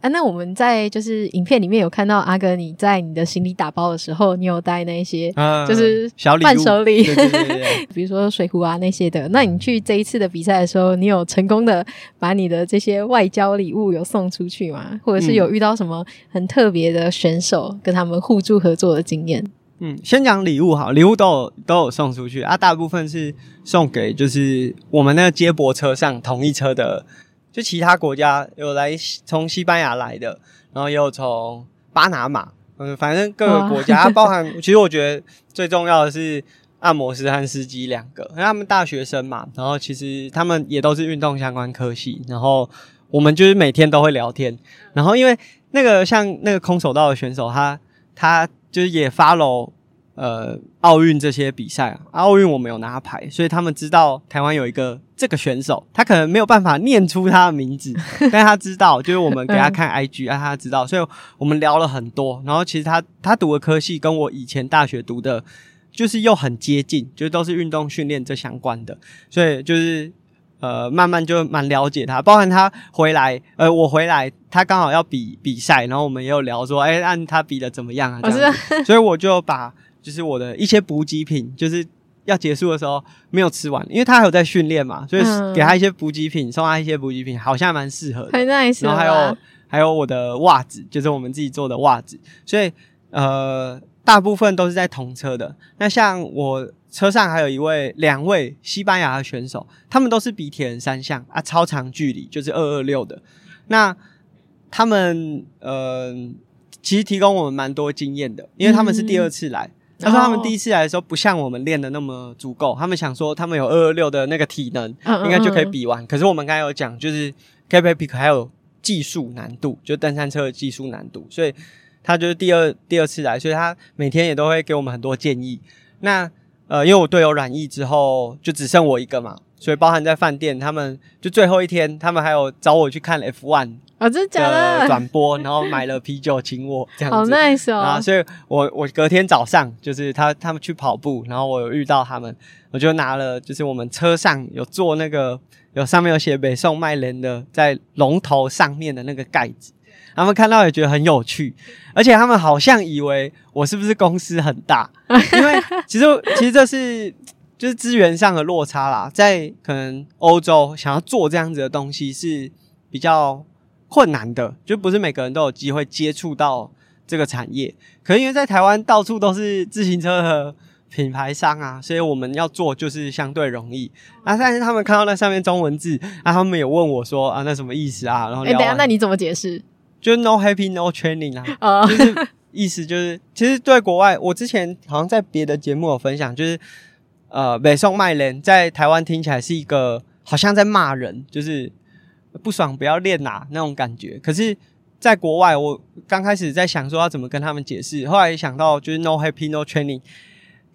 啊，那我們在就是影片裡面有看到阿耕你在你的行李打包的時候，你有帶那些就是、呃、小禮物、伴手禮， 比如說水壺啊那些的。那你去這一次的比賽的時候，你有成功的把你的這些外交禮物有送出去嗎？或者是有遇到什麼很特別的選手跟他們互助合作的經驗？嗯，
先講禮物好，禮物都有都有送出去啊，大部分是送給就是我們那個接駁車上同一車的。就其他國家有來，從西班牙來的，然後也有從巴拿馬，嗯，反正各個國家，Wow. 啊，包含其實我覺得最重要的是按摩師和司機兩個，因為他們大學生嘛，然後其實他們也都是運動相關科系，然後我們就是每天都會聊天，然後因為那個像那個空手道的選手他，他他就是也 follow。呃，奧運這些比賽啊，奧運我沒有拿牌，所以他們知道台灣有一個這個選手，他可能沒有辦法念出他的名字， 但他知道，就是我們給他看 IG 啊， 讓他知道，所以我們聊了很多。然後其實他他讀的科系跟我以前大學讀的，就是又很接近，就都是運動訓練這相關的，所以就是呃，慢慢就蠻了解他。包含他回來，呃，我回來，他剛好要比比賽，然後我們也有聊說，哎、欸，按他比的怎麼樣啊？這樣， 所以我就把。就是我的一些補給品，就是要結束的時候沒有吃完，因為他還有在訓練嘛，所以給他一些補給品，送他一些補給品，好像蠻適合的。很難適合吧？然後還有還有我的襪子，就是我們自己做的襪子，所以呃，大部分都是在同車的。那像我車上還有一位兩位西班牙的選手，他們都是比鐵人三項啊，超長距離，就是二二六的。那他們呃，其實提供我們蠻多經驗的，因為他們是第二次來。嗯他說他們第一次來的時候不像我們練的那麼足夠，oh. 他們想說他們有二二六的那個體能，應該就可以比完。Uh, uh, uh, uh. 可是我們剛才有講，就是 Cape Epic 還有技術難度，就登山車的技術難度，所以他就是第二第二次來，所以他每天也都會給我們很多建議。那呃，因為我隊友染疫之後就只剩我一個嘛。所以包含在飯店，他們就最後一天，他們還有找我去看 F1 啊，真的轉播，然後買了啤酒請我這樣子，oh, 真的假的？ 好 nice 哦。啊，所以我我隔天早上就是他他們去跑步，然後我有遇到他們，我就拿了就是我們車上有做那個有上面有寫北送麥連的在龍頭上面的那個蓋子，他們看到也覺得很有趣，而且他們好像以為我是不是公司很大， 因為其實其實這是。就是資源上的落差啦，在可能歐洲想要做這樣子的東西是比較困難的，就不是每個人都有機會接觸到這個產業。可能因為在台灣到處都是自行車的品牌商啊，所以我們要做就是相對容易啊。但是他們看到那上面中文字，啊，他們也問我說啊，那什麼意思啊？然後你、欸、等下那
你怎麼解釋？
就是 no happy no training 啊，oh. 就是意思就是其實對國外，我之前好像在別的節目有分享，就是。呃，不爽麥練在台灣聽起來是一個好像在罵人，就是不爽不要練啊那種感覺。可是，在國外，我剛開始在想說要怎麼跟他們解釋，後來想到就是 no happy no training，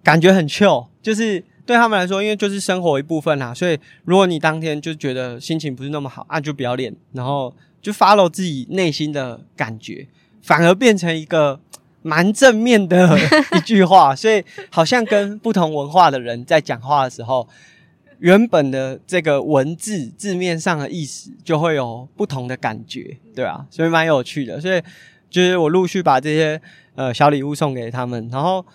感覺很 chill，就是對他們來說，因為就是生活一部分啦、啊。所以，如果你當天就覺得心情不是那麼好啊，就不要練，然後就 follow 自己內心的感覺，反而變成一個。蠻正面的一句話，所以好像跟不同文化的人在講話的時候，原本的這個文字字面上的意思就會有不同的感覺，對啊？所以蠻有趣的。所以就是我陸續把這些呃小禮物送給他們，然後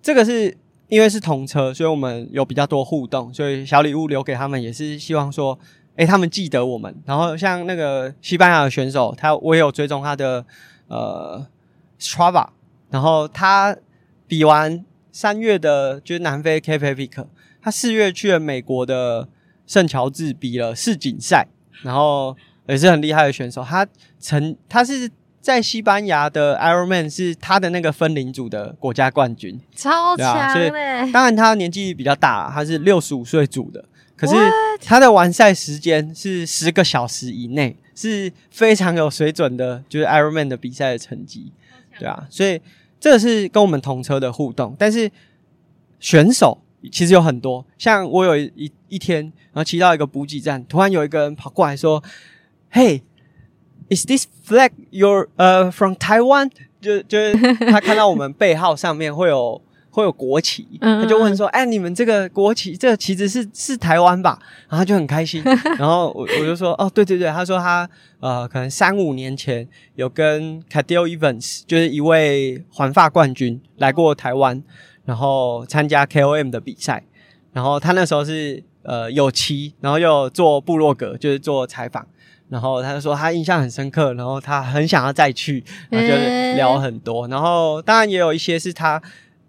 這個是因為是同車，所以我們有比較多互動，所以小禮物留給他們也是希望說，欸，他們記得我們。然後像那個西班牙的選手，他我也有追蹤他的呃。Strava，然後他比完三月的，就是南非 Cape Epic，他四月去了美國的聖喬治比了世錦賽，然後也是很厲害的選手。他成他是在西班牙的 Ironman，是他的那個分齡組的國家冠軍，超強對、啊。所以當然他年紀比較大、啊，他是六十五歲組的，可是他的完賽時間是十個小時以內，是非常有水準的，就是 Ironman 的比賽的成績。對啊，所以這個是跟我們同車的互動，但是選手其實有很多。像我有一一天，然後騎到一個補給站，突然有一個人跑過來說：“Hey, is this flag your 呃、uh, from Taiwan？” 就就是他看到我們背號上面會有。會有國旗，他就問說：“哎、嗯欸，你們這個國旗，這個、旗幟是是台灣吧？”然後他就很開心。然後我我就說：“哦，對對對。他他”他說：“他呃，可能三五年前有跟 Cadel Evans 就是一位環法冠軍來過台灣，嗯、然後參加 KOM 的比賽。然後他那時候是呃有旗，然後又做部落格，就是做採訪。然後他就說他印象很深刻，然後他很想要再去，然後就聊很多。欸、然後當然也有一些是他。”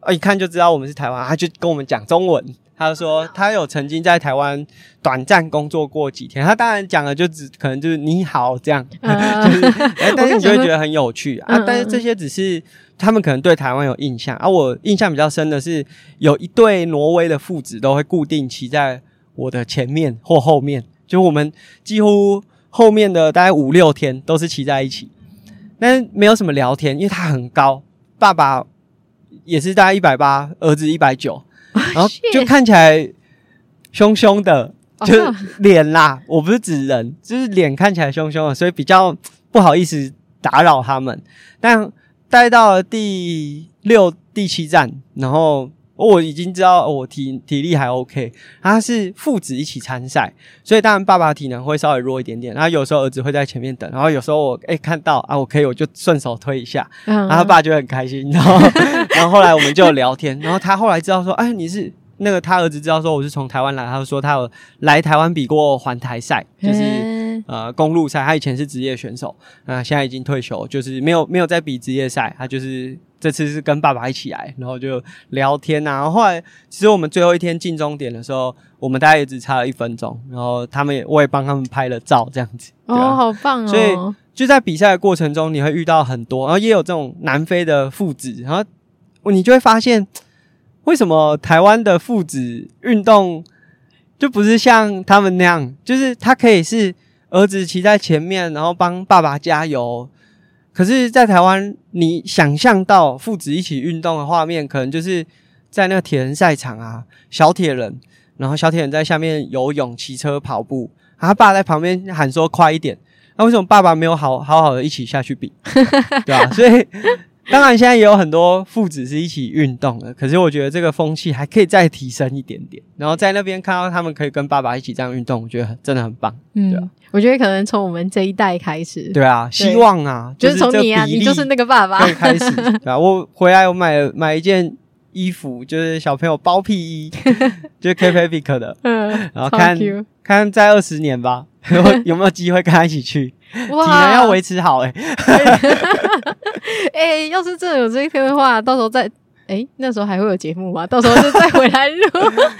啊，一看就知道我們是台灣，他就跟我們講中文。他說他有曾經在台灣短暫工作過幾天，他當然講的就只可能就是你好這樣，uh, 就是，但是你就會覺得很有趣啊。但是這些只是他們可能對台灣有印象，uh uh. 啊。我印象比較深的是，有一對挪威的父子都會固定騎在我的前面或後面，就我們幾乎後面的大概五六天都是騎在一起，但是沒有什麼聊天，因為他很高，爸爸。也是大概一百八，兒子一百九，oh, shit. 然後就看起來凶凶的，oh, that 就臉啦。我不是指人，就是臉看起來兇兇的，所以比較不好意思打擾他們。但待到了第六、第七站，然後。我已經知道我體體力還 OK，他是父子一起參賽，所以當然爸爸體能會稍微弱一點點。然後有時候兒子會在前面等，然後有時候我誒、欸、看到啊，我可以我就順手推一下，然後他爸就很開心，然後 然後後來我們就有聊天，然後他後來知道說，哎、欸、你是那個，他兒子知道說我是從台灣來，他就說他有來台灣比過環台賽，就是、欸、呃，公路賽，他以前是職業選手，那、呃、現在已經退休，就是沒有沒有再比職業賽，他就是。這次是跟爸爸一起來，然後就聊天吶、啊。然後，後來其實我們最後一天進終點的時候，我們大概也只差了一分鐘，然後他們也我也幫他們拍了照，這樣子。哦，
好棒哦！所以
就在比賽的過程中，你會遇到很多，然後也有這種南非的父子，然後你就會發現，為什麼台灣的父子運動就不是像他們那樣，就是他可以是兒子騎在前面，然後幫爸爸加油。可是，在台灣，你想象到父子一起運動的畫面，可能就是在那個鐵人賽場啊，小鐵人，然後小鐵人在下面游泳、騎車、跑步，他爸在旁邊喊說：“快一點！”那為什麼爸爸沒有好好好的一起下去比？ 對吧、啊？所以。 當然，現在也有很多父子是一起運動的，可是我覺得這個風氣還可以再提升一點點。然後在那邊看到他們可以跟爸爸一起這樣運動，我覺得真的很棒。嗯，
對啊，我覺得可能從我們這一代開始。對啊，對，希望啊，就是從你啊，例你就是那個爸爸
開始。對啊，我回來我買了買一件衣服，就是小朋友包屁衣， 就是 Cape Epic 的。嗯，然後看 Q 看再二十年吧，有沒有機會跟他一起去？哇，要維持好哎、
欸啊！哎，要是真的有這一天的話，到時候再哎，那時候還會有節目嗎？到時候就再回來錄，哇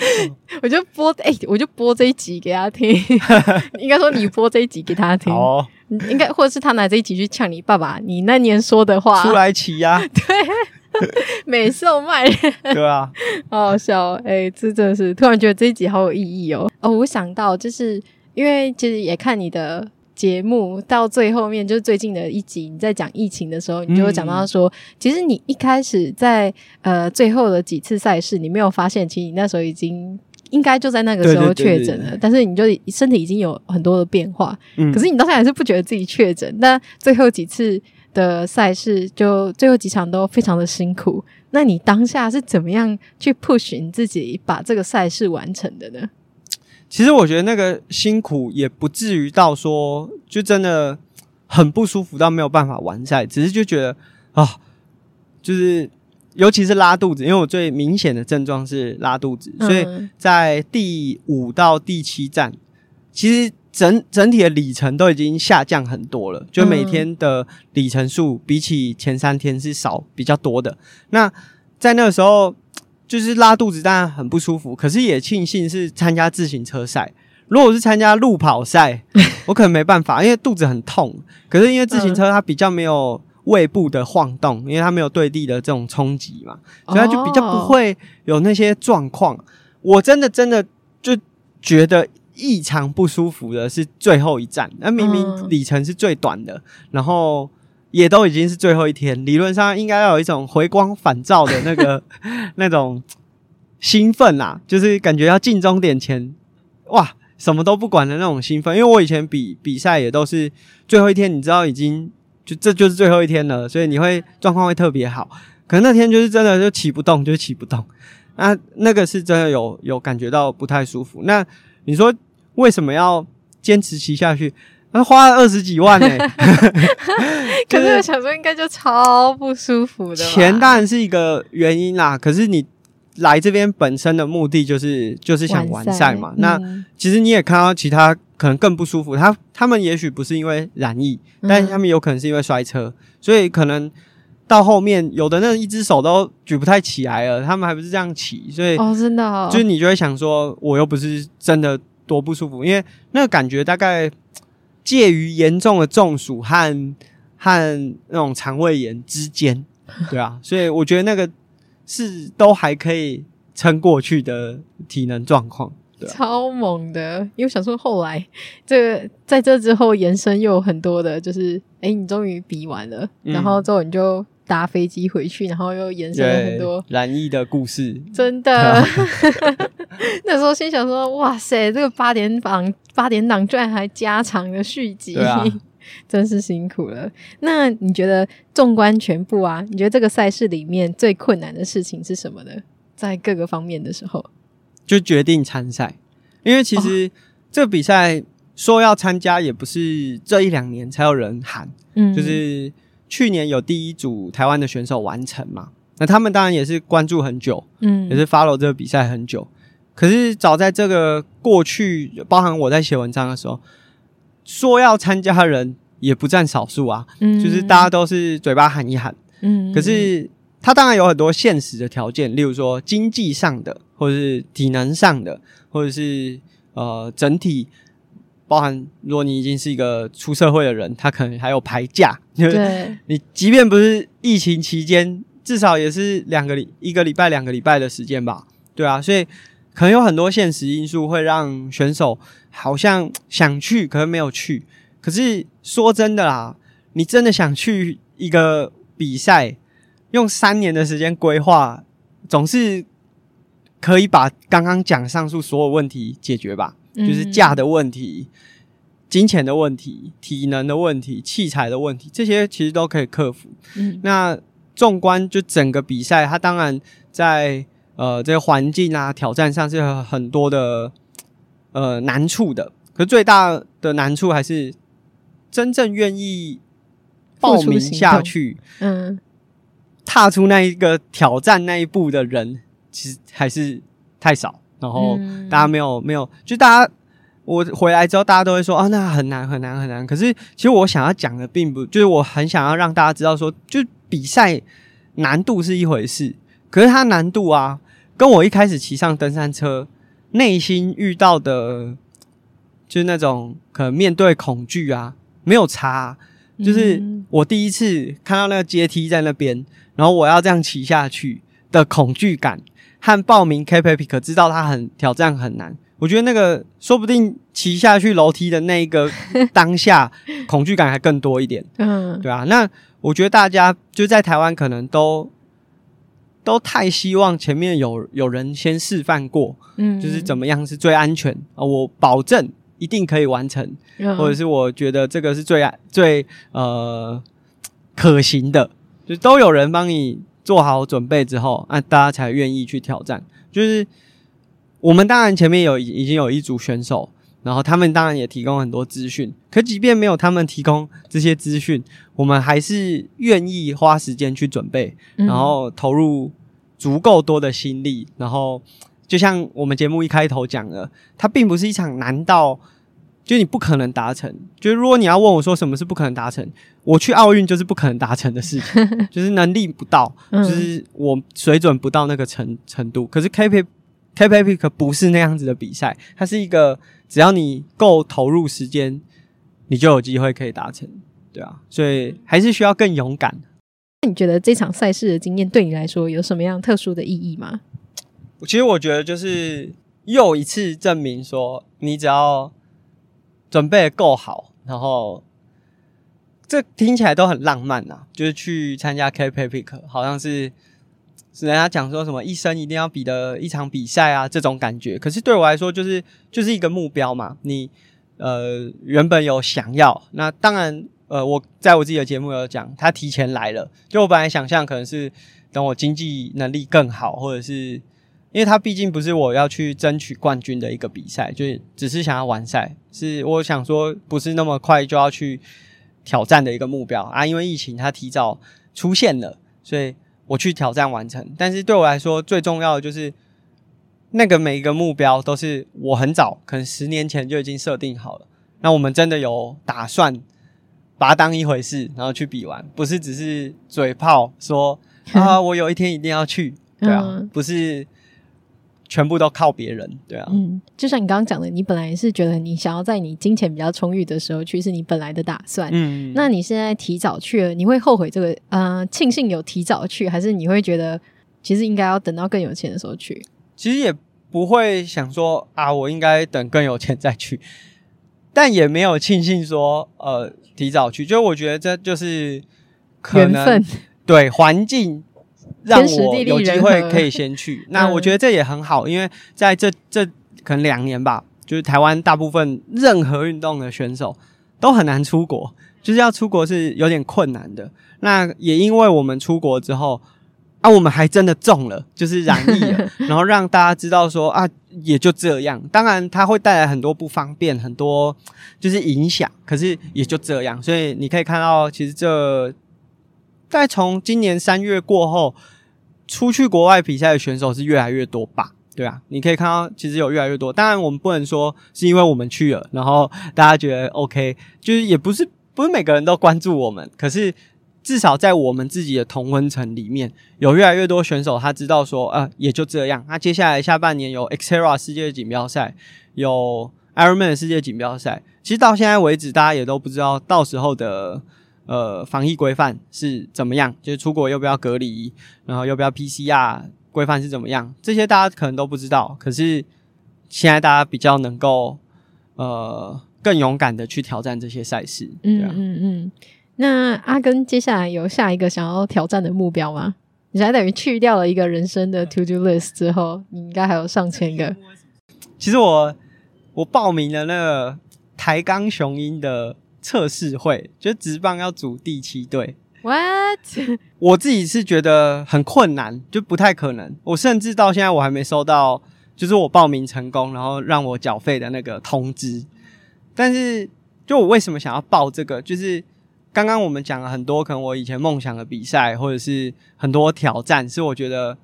我就播哎，我就播這一集給他聽。哈哈，應該說你播這一
集給他聽，哦、
你應該或者是他拿這一集去嗆你爸爸。你那年說的話，出來
騎呀、啊，對，
美售賣，對啊，對啊好好笑，哦、哎，這真的是突然覺得這一集好有意義哦。哦，我想到就是因為其實也看你的。節目到最後面，就是最近的一集，你在講疫情的時候，你就會講到說，其實你一開始在呃最後的幾次賽事，你沒有發現，其實你那時候已經應該就在那個時候確診了，但是你就身體已經有很多的變化，可是你到現在還是不覺得自己確診。那最後幾次的賽事，就最後幾場都非常的辛苦。那你當下是怎麼樣去 push 你自己把這個賽事完成的呢？
其實我覺得那個辛苦也不至於到說就真的很不舒服到沒有辦法完賽，只是就覺得啊、哦，就是尤其是拉肚子，因為我最明顯的症狀是拉肚子，所以在第五到第七站，其實整整體的里程都已經下降很多了，就每天的里程數比起前三天是少比較多的。那在那個時候。就是拉肚子，當然很不舒服，可是也慶幸是參加自行車賽。如果是參加路跑賽， 我可能沒辦法，因為肚子很痛。可是因為自行車它比較沒有胃部的晃動，嗯、因為它沒有對地的這種衝擊嘛，所以它就比較不會有那些狀況。哦、我真的真的就覺得異常不舒服的是最後一站，那明明里程是最短的，然後。也都已經是最後一天，理論上應該要有一種回光返照的那個 那種興奮吶、啊，就是感覺要進終點前，哇，什麼都不管的那種興奮。因為我以前比比賽也都是最後一天，你知道已經就這就是最後一天了，所以你會狀況會特別好。可是那天就是真的就騎不動，就騎不動，那、啊、那個是真的有有感覺到不太舒服。那你說為什麼要堅持騎下去？花了二十幾萬呢，
可是我想說應該就超不舒服的。錢當然
是一個原因啦，可是你來這邊本身的目的就是就是想完賽嘛。那其實你也看到其他可能更不舒服，他他們也許不是因為染疫，但他們有可能是因為摔車，所以可能到後面有的那一隻手都舉不太起來了，他們還不是這樣起，所以哦，真的，就是你就會想說，我又不是真的多不舒服，因為那個感覺大概。介於嚴重的中暑和和那種腸胃炎之間，對啊，所以我覺得那個是都還可以撐過去的體能狀況，對啊、
超猛的。因為我想說後來這個、在這之後延伸又有很多的，就是哎、欸，你終於比完了，嗯、然後之後你就。搭飛機回去，然後又延伸了很多
藍意的故事，真的。吧
那時候心想說：“哇塞，這個八點檔，八點檔居然還加長的續集，啊、真是辛苦了。”那你覺得，縱觀全部啊，你覺得這個賽事裡面最困難的事情是什麼呢？在各個方面的時候，
就決定參賽，因為其實、哦、這個比賽說要參加也不是這一兩年才有人喊，嗯，就是。去年有第一組台灣的選手完成嘛？那他們當然也是關注很久，嗯，也是 follow 這個比賽很久。可是早在這個過去，包含我在寫文章的時候，說要參加的人也不占少數啊。嗯，就是大家都是嘴巴喊一喊，嗯。可是他當然有很多現實的條件，例如說經濟上的，或者是體能上的，或者是，呃，整體。包含，如果你已經是一個出社會的人，他可能還有排假，對、就是、你，即便不是疫情期間，至少也是兩個禮一個禮拜、兩個禮拜的時間吧，對啊，所以可能有很多現實因素會讓選手好像想去，可是沒有去。可是說真的啦，你真的想去一個比賽，用三年的時間規劃，總是可以把剛剛講上述所有問題解決吧。就是假的問題、嗯、金錢的問題、體能的問題、器材的問題，這些其實都可以克服。嗯、那縱觀就整個比賽，它當然在呃這個環境啊挑戰上是很多的呃難處的，可是最大的難處還是真正願意
報名下去，嗯，
踏出那一個挑戰那一步的人，其實還是太少。然後大家沒有、嗯、沒有，就大家我回來之後，大家都會說啊，那很難很難很難。可是其實我想要講的，並不就是我很想要讓大家知道說，說就比賽難度是一回事，可是它難度啊，跟我一開始騎上登山車內心遇到的，就是那種可能面對恐懼啊，沒有差、啊。就是我第一次看到那個階梯在那邊，然後我要這樣騎下去的恐懼感。和報名 Cape Epic 可知道他很挑戰很難，我覺得那個說不定騎下去樓梯的那一個當下恐懼感還更多一點， 嗯，對啊，那我覺得大家就在台灣可能都都太希望前面有有人先示範過，嗯，就是怎麼樣是最安全啊、嗯呃，我保證一定可以完成，嗯、或者是我覺得這個是最最呃可行的，就都有人幫你。做好準備之後，那、啊、大家才願意去挑戰。就是我們當然前面有已已經有一組選手，然後他們當然也提供很多資訊。可即便沒有他們提供這些資訊，我們還是願意花時間去準備，然後投入足夠多的心力。嗯、然後就像我們節目一開頭講的，它並不是一場難到。就你不可能達成。就如果你要問我說什麼是不可能達成，我去奧運就是不可能達成的事情， 就是能力不到，就是我水準不到那個程，嗯、程度。可是 Cape Epic、Cape Epic 不是那樣子的比賽，它是一個只要你夠投入時間，你就有機會可以達成。對啊，所以還是需要更勇敢。那你覺得
這場賽事的經驗對你來說有什麼樣特殊的意義嗎？
其實我覺得就是又一次證明說，你只要。準備得夠好，然後這聽起來都很浪漫吶、啊，就是去參加 Cape Epic 好像是是人家講說什麼一生一定要比的一場比賽啊，這種感覺。可是對我來說，就是就是一個目標嘛。你呃原本有想要，那當然呃我在我自己的節目有講，他提前來了，就我本來想象可能是等我經濟能力更好，或者是。因為他畢竟不是我要去爭取冠軍的一個比賽，就是只是想要完賽，是我想說不是那麼快就要去挑戰的一個目標啊。因為疫情它提早出現了，所以我去挑戰完成。但是對我來說最重要的就是，那個每一個目標都是我很早，可能十年前就已經設定好了。那我們真的有打算把它當一回事，然後去比完，不是只是嘴炮說 啊，我有一天一定要去，對啊，不是。全部都靠別人，對啊。嗯，
就像你剛剛講的，你本來是覺得你想要在你金錢比較充裕的時候去，是你本來的打算。嗯，那你現在提早去了，你會後悔這個？嗯、呃，慶幸有提早去，還是你會覺得其實應該要等到更有錢的時候去？
其實也不會想說啊，我應該等更有錢再去，但也沒有慶幸說呃提早去，就是我覺得這就是緣分，對環境。讓我有機會可以先去，那我覺得這也很好，因為在這這可能兩年吧，就是台灣大部分任何運動的選手都很難出國，就是要出國是有點困難的。那也因為我們出國之後啊，我們還真的中了，就是染疫了， 然後讓大家知道說啊，也就這樣。當然它會帶來很多不方便，很多就是影響，可是也就這樣。所以你可以看到，其實這。在從今年三月過後，出去國外比賽的選手是越來越多吧？對啊，你可以看到，其實有越來越多。當然，我們不能說是因為我們去了，然後大家覺得 OK，就是也不是不是每個人都關注我們。可是至少在我們自己的同溫層裡面有越來越多選手，他知道說，呃，也就這樣。那接下來下半年有 Xterra 世界錦標賽，有 Ironman 世界錦標賽。其實到現在為止，大家也都不知道到時候的。呃，防疫規範是怎麼樣？就是出國要不要隔離，然後要不要 PCR 規範是怎麼樣？這些大家可能都不知道。可是現在大家比較能夠呃，更勇敢的去挑戰這些賽事。對
啊、嗯嗯嗯。那阿耕接下來有下一個想要挑戰的目標嗎？你現在等於去掉了一個人生的 to do list 之後，嗯、你應該還有上千個。
其實我我報名了那個台鋼雄鷹的。測試會，就職棒要組第七隊
，What？
我自己是覺得很困難，就不太可能。我甚至到現在我還沒收到，就是我報名成功，然後讓我繳費的那個通知。但是，就我為什麼想要報這個？就是剛剛我們講了很多，可能我以前夢想的比賽，或者是很多挑戰，是我覺得，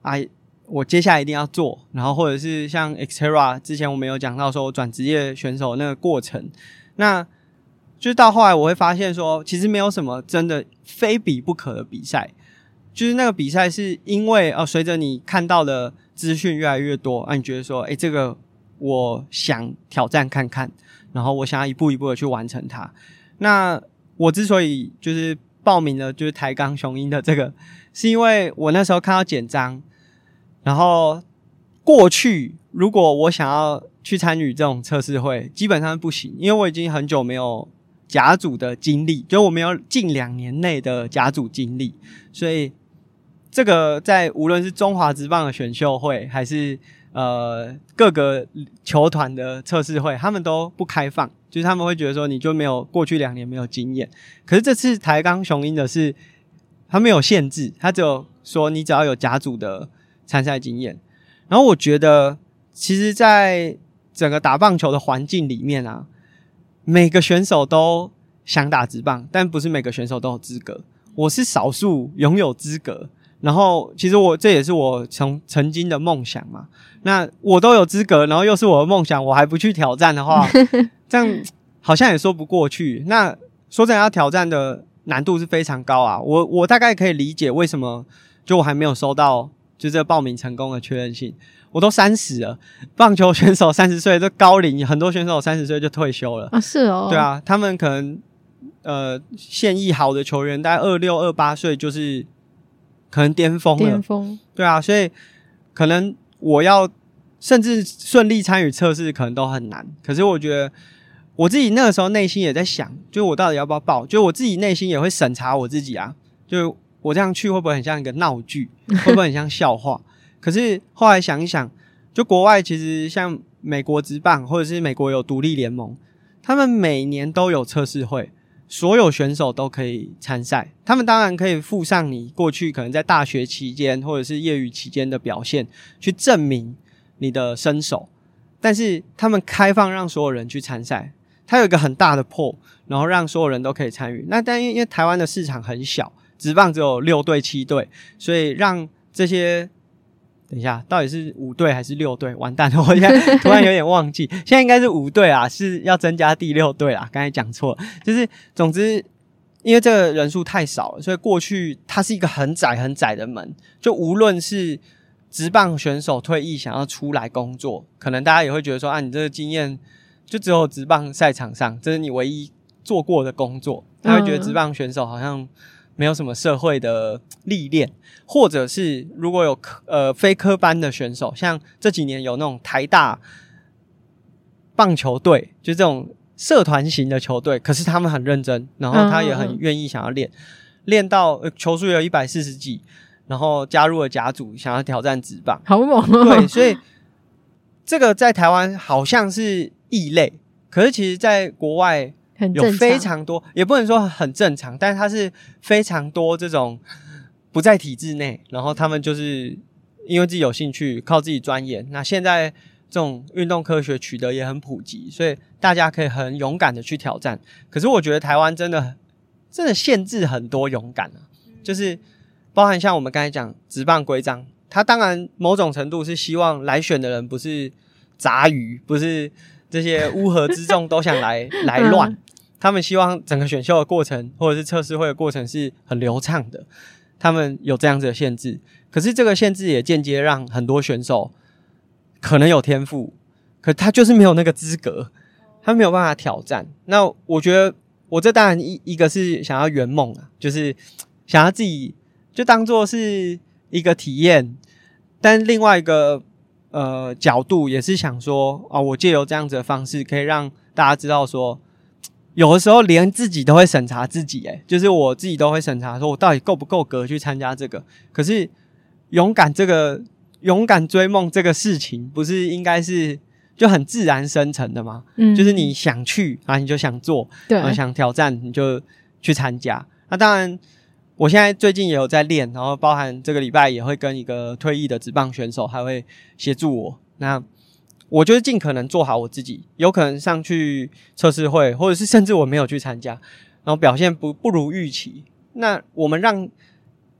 哎、啊，我接下來一定要做。然後，或者是像 Xterra，之前我們有講到說我轉職業選手的那個過程，那。就是到後來，我會發現說，其實沒有什麼真的非比不可的比賽。就是那個比賽，是因為呃，隨着你看到的資訊越來越多，啊，你覺得說，誒、欸、這個我想挑戰看看，然後我想要一步一步的去完成它。那我之所以就是報名了，就是台鋼雄鷹的這個，是因為我那時候看到簡章，然後過去如果我想要去參與這種測試會，基本上不行，因為我已經很久沒有。甲組的經歷，就我們有近兩年內的甲組經歷，所以這個在無論是中華職棒的選秀會，還是呃各個球團的測試會，他們都不開放，就是他們會覺得說你就沒有過去兩年沒有經驗。可是這次台鋼雄鷹的是，他沒有限制，他只有說你只要有甲組的參賽經驗。然後我覺得，其實，在整個打棒球的環境裡面啊。每個選手都想打職棒，但不是每個選手都有資格。我是少數擁有資格，然後其實我這也是我從曾經的夢想嘛。那我都有資格，然後又是我的夢想，我還不去挑戰的話， 這樣好像也說不過去。那說真要挑戰的難度是非常高啊。我我大概可以理解為什麼，就我還沒有收到就這報名成功的確認信。我都三十了，棒球選手三十歲都高齡，很多選手三十歲就退休了啊，是哦，對啊，他們可能呃，現役好的球員大概二六二八歲就是可能巔峰了，巔峰，對啊，所以可能我要甚至順利參與測試，可能都很難。可是我覺得我自己那個時候內心也在想，就我到底要不要報？就我自己內心也會審查我自己啊，就我這樣去會不會很像一個鬧劇？ 會不會很像笑話？可是後來想一想，就國外其實像美國職棒或者是美國有獨立聯盟，他們每年都有測試會，所有選手都可以參賽。他們當然可以附上你過去可能在大學期間或者是業餘期間的表現，去證明你的身手。但是他們開放讓所有人去參賽，他有一個很大的 pool，然後讓所有人都可以參與。那但因因為台灣的市場很小，職棒只有六隊七隊，所以讓這些。等一下，到底是五隊還是六隊？完蛋了，我現在突然有點忘記。 現在應該是五隊啊，是要增加第六隊啊。剛才講錯了，就是總之，因為這個人數太少了，所以過去它是一個很窄、很窄的門。就無論是職棒選手退役想要出來工作，可能大家也會覺得說啊，你這個經驗就只有職棒賽場上，這是你唯一做過的工作。他會覺得職棒選手好像。沒有什麼社會的歷練，或者是如果有科，呃，非科班的選手，像這幾年有那種台大棒球隊，就這種社團型的球隊，可是他們很認真，然後他也很願意想要練，嗯嗯練到，呃，球速有一百四十幾，然後加入了甲組，想要挑戰職棒。好猛哦！對，所以這個在台灣好像是異類，可是其實在國外。有非常多，也不能說很正常，但是他是非常多這種不在體制內，然後他們就是因為自己有興趣，靠自己鑽研。那現在這種運動科學取得也很普及，所以大家可以很勇敢的去挑戰。可是我覺得台灣真的真的限制很多勇敢啊，就是包含像我們剛才講職棒規章，他當然某種程度是希望來選的人不是雜魚，不是這些烏合之眾都想來 來亂亂。嗯他們希望整個選秀的過程，或者是測試會的過程是很流暢的。他們有這樣子的限制，可是這個限制也間接讓很多選手可能有天賦，可他就是沒有那個資格，他沒有辦法挑戰。那我覺得，我這當然一一個是想要圓夢啊，就是想要自己就當做是一個體驗。但另外一個呃角度也是想說啊，我借由這樣子的方式可以讓大家知道說。有的時候連自己都會審查自己、欸，誒，就是我自己都會審查，說我到底夠不夠格去參加這個。可是勇敢這個勇敢追夢這個事情，不是應該是就很自然生成的嗎？嗯，就是你想去啊，然後你就想做，對，想挑戰你就去參加。對那當然，我現在最近也有在練，然後包含這個禮拜也會跟一個退役的職棒選手還會協助我。那我就是盡可能做好我自己，有可能上去測試會，或者是甚至我沒有去參加，然後表現不不如預期。那我們讓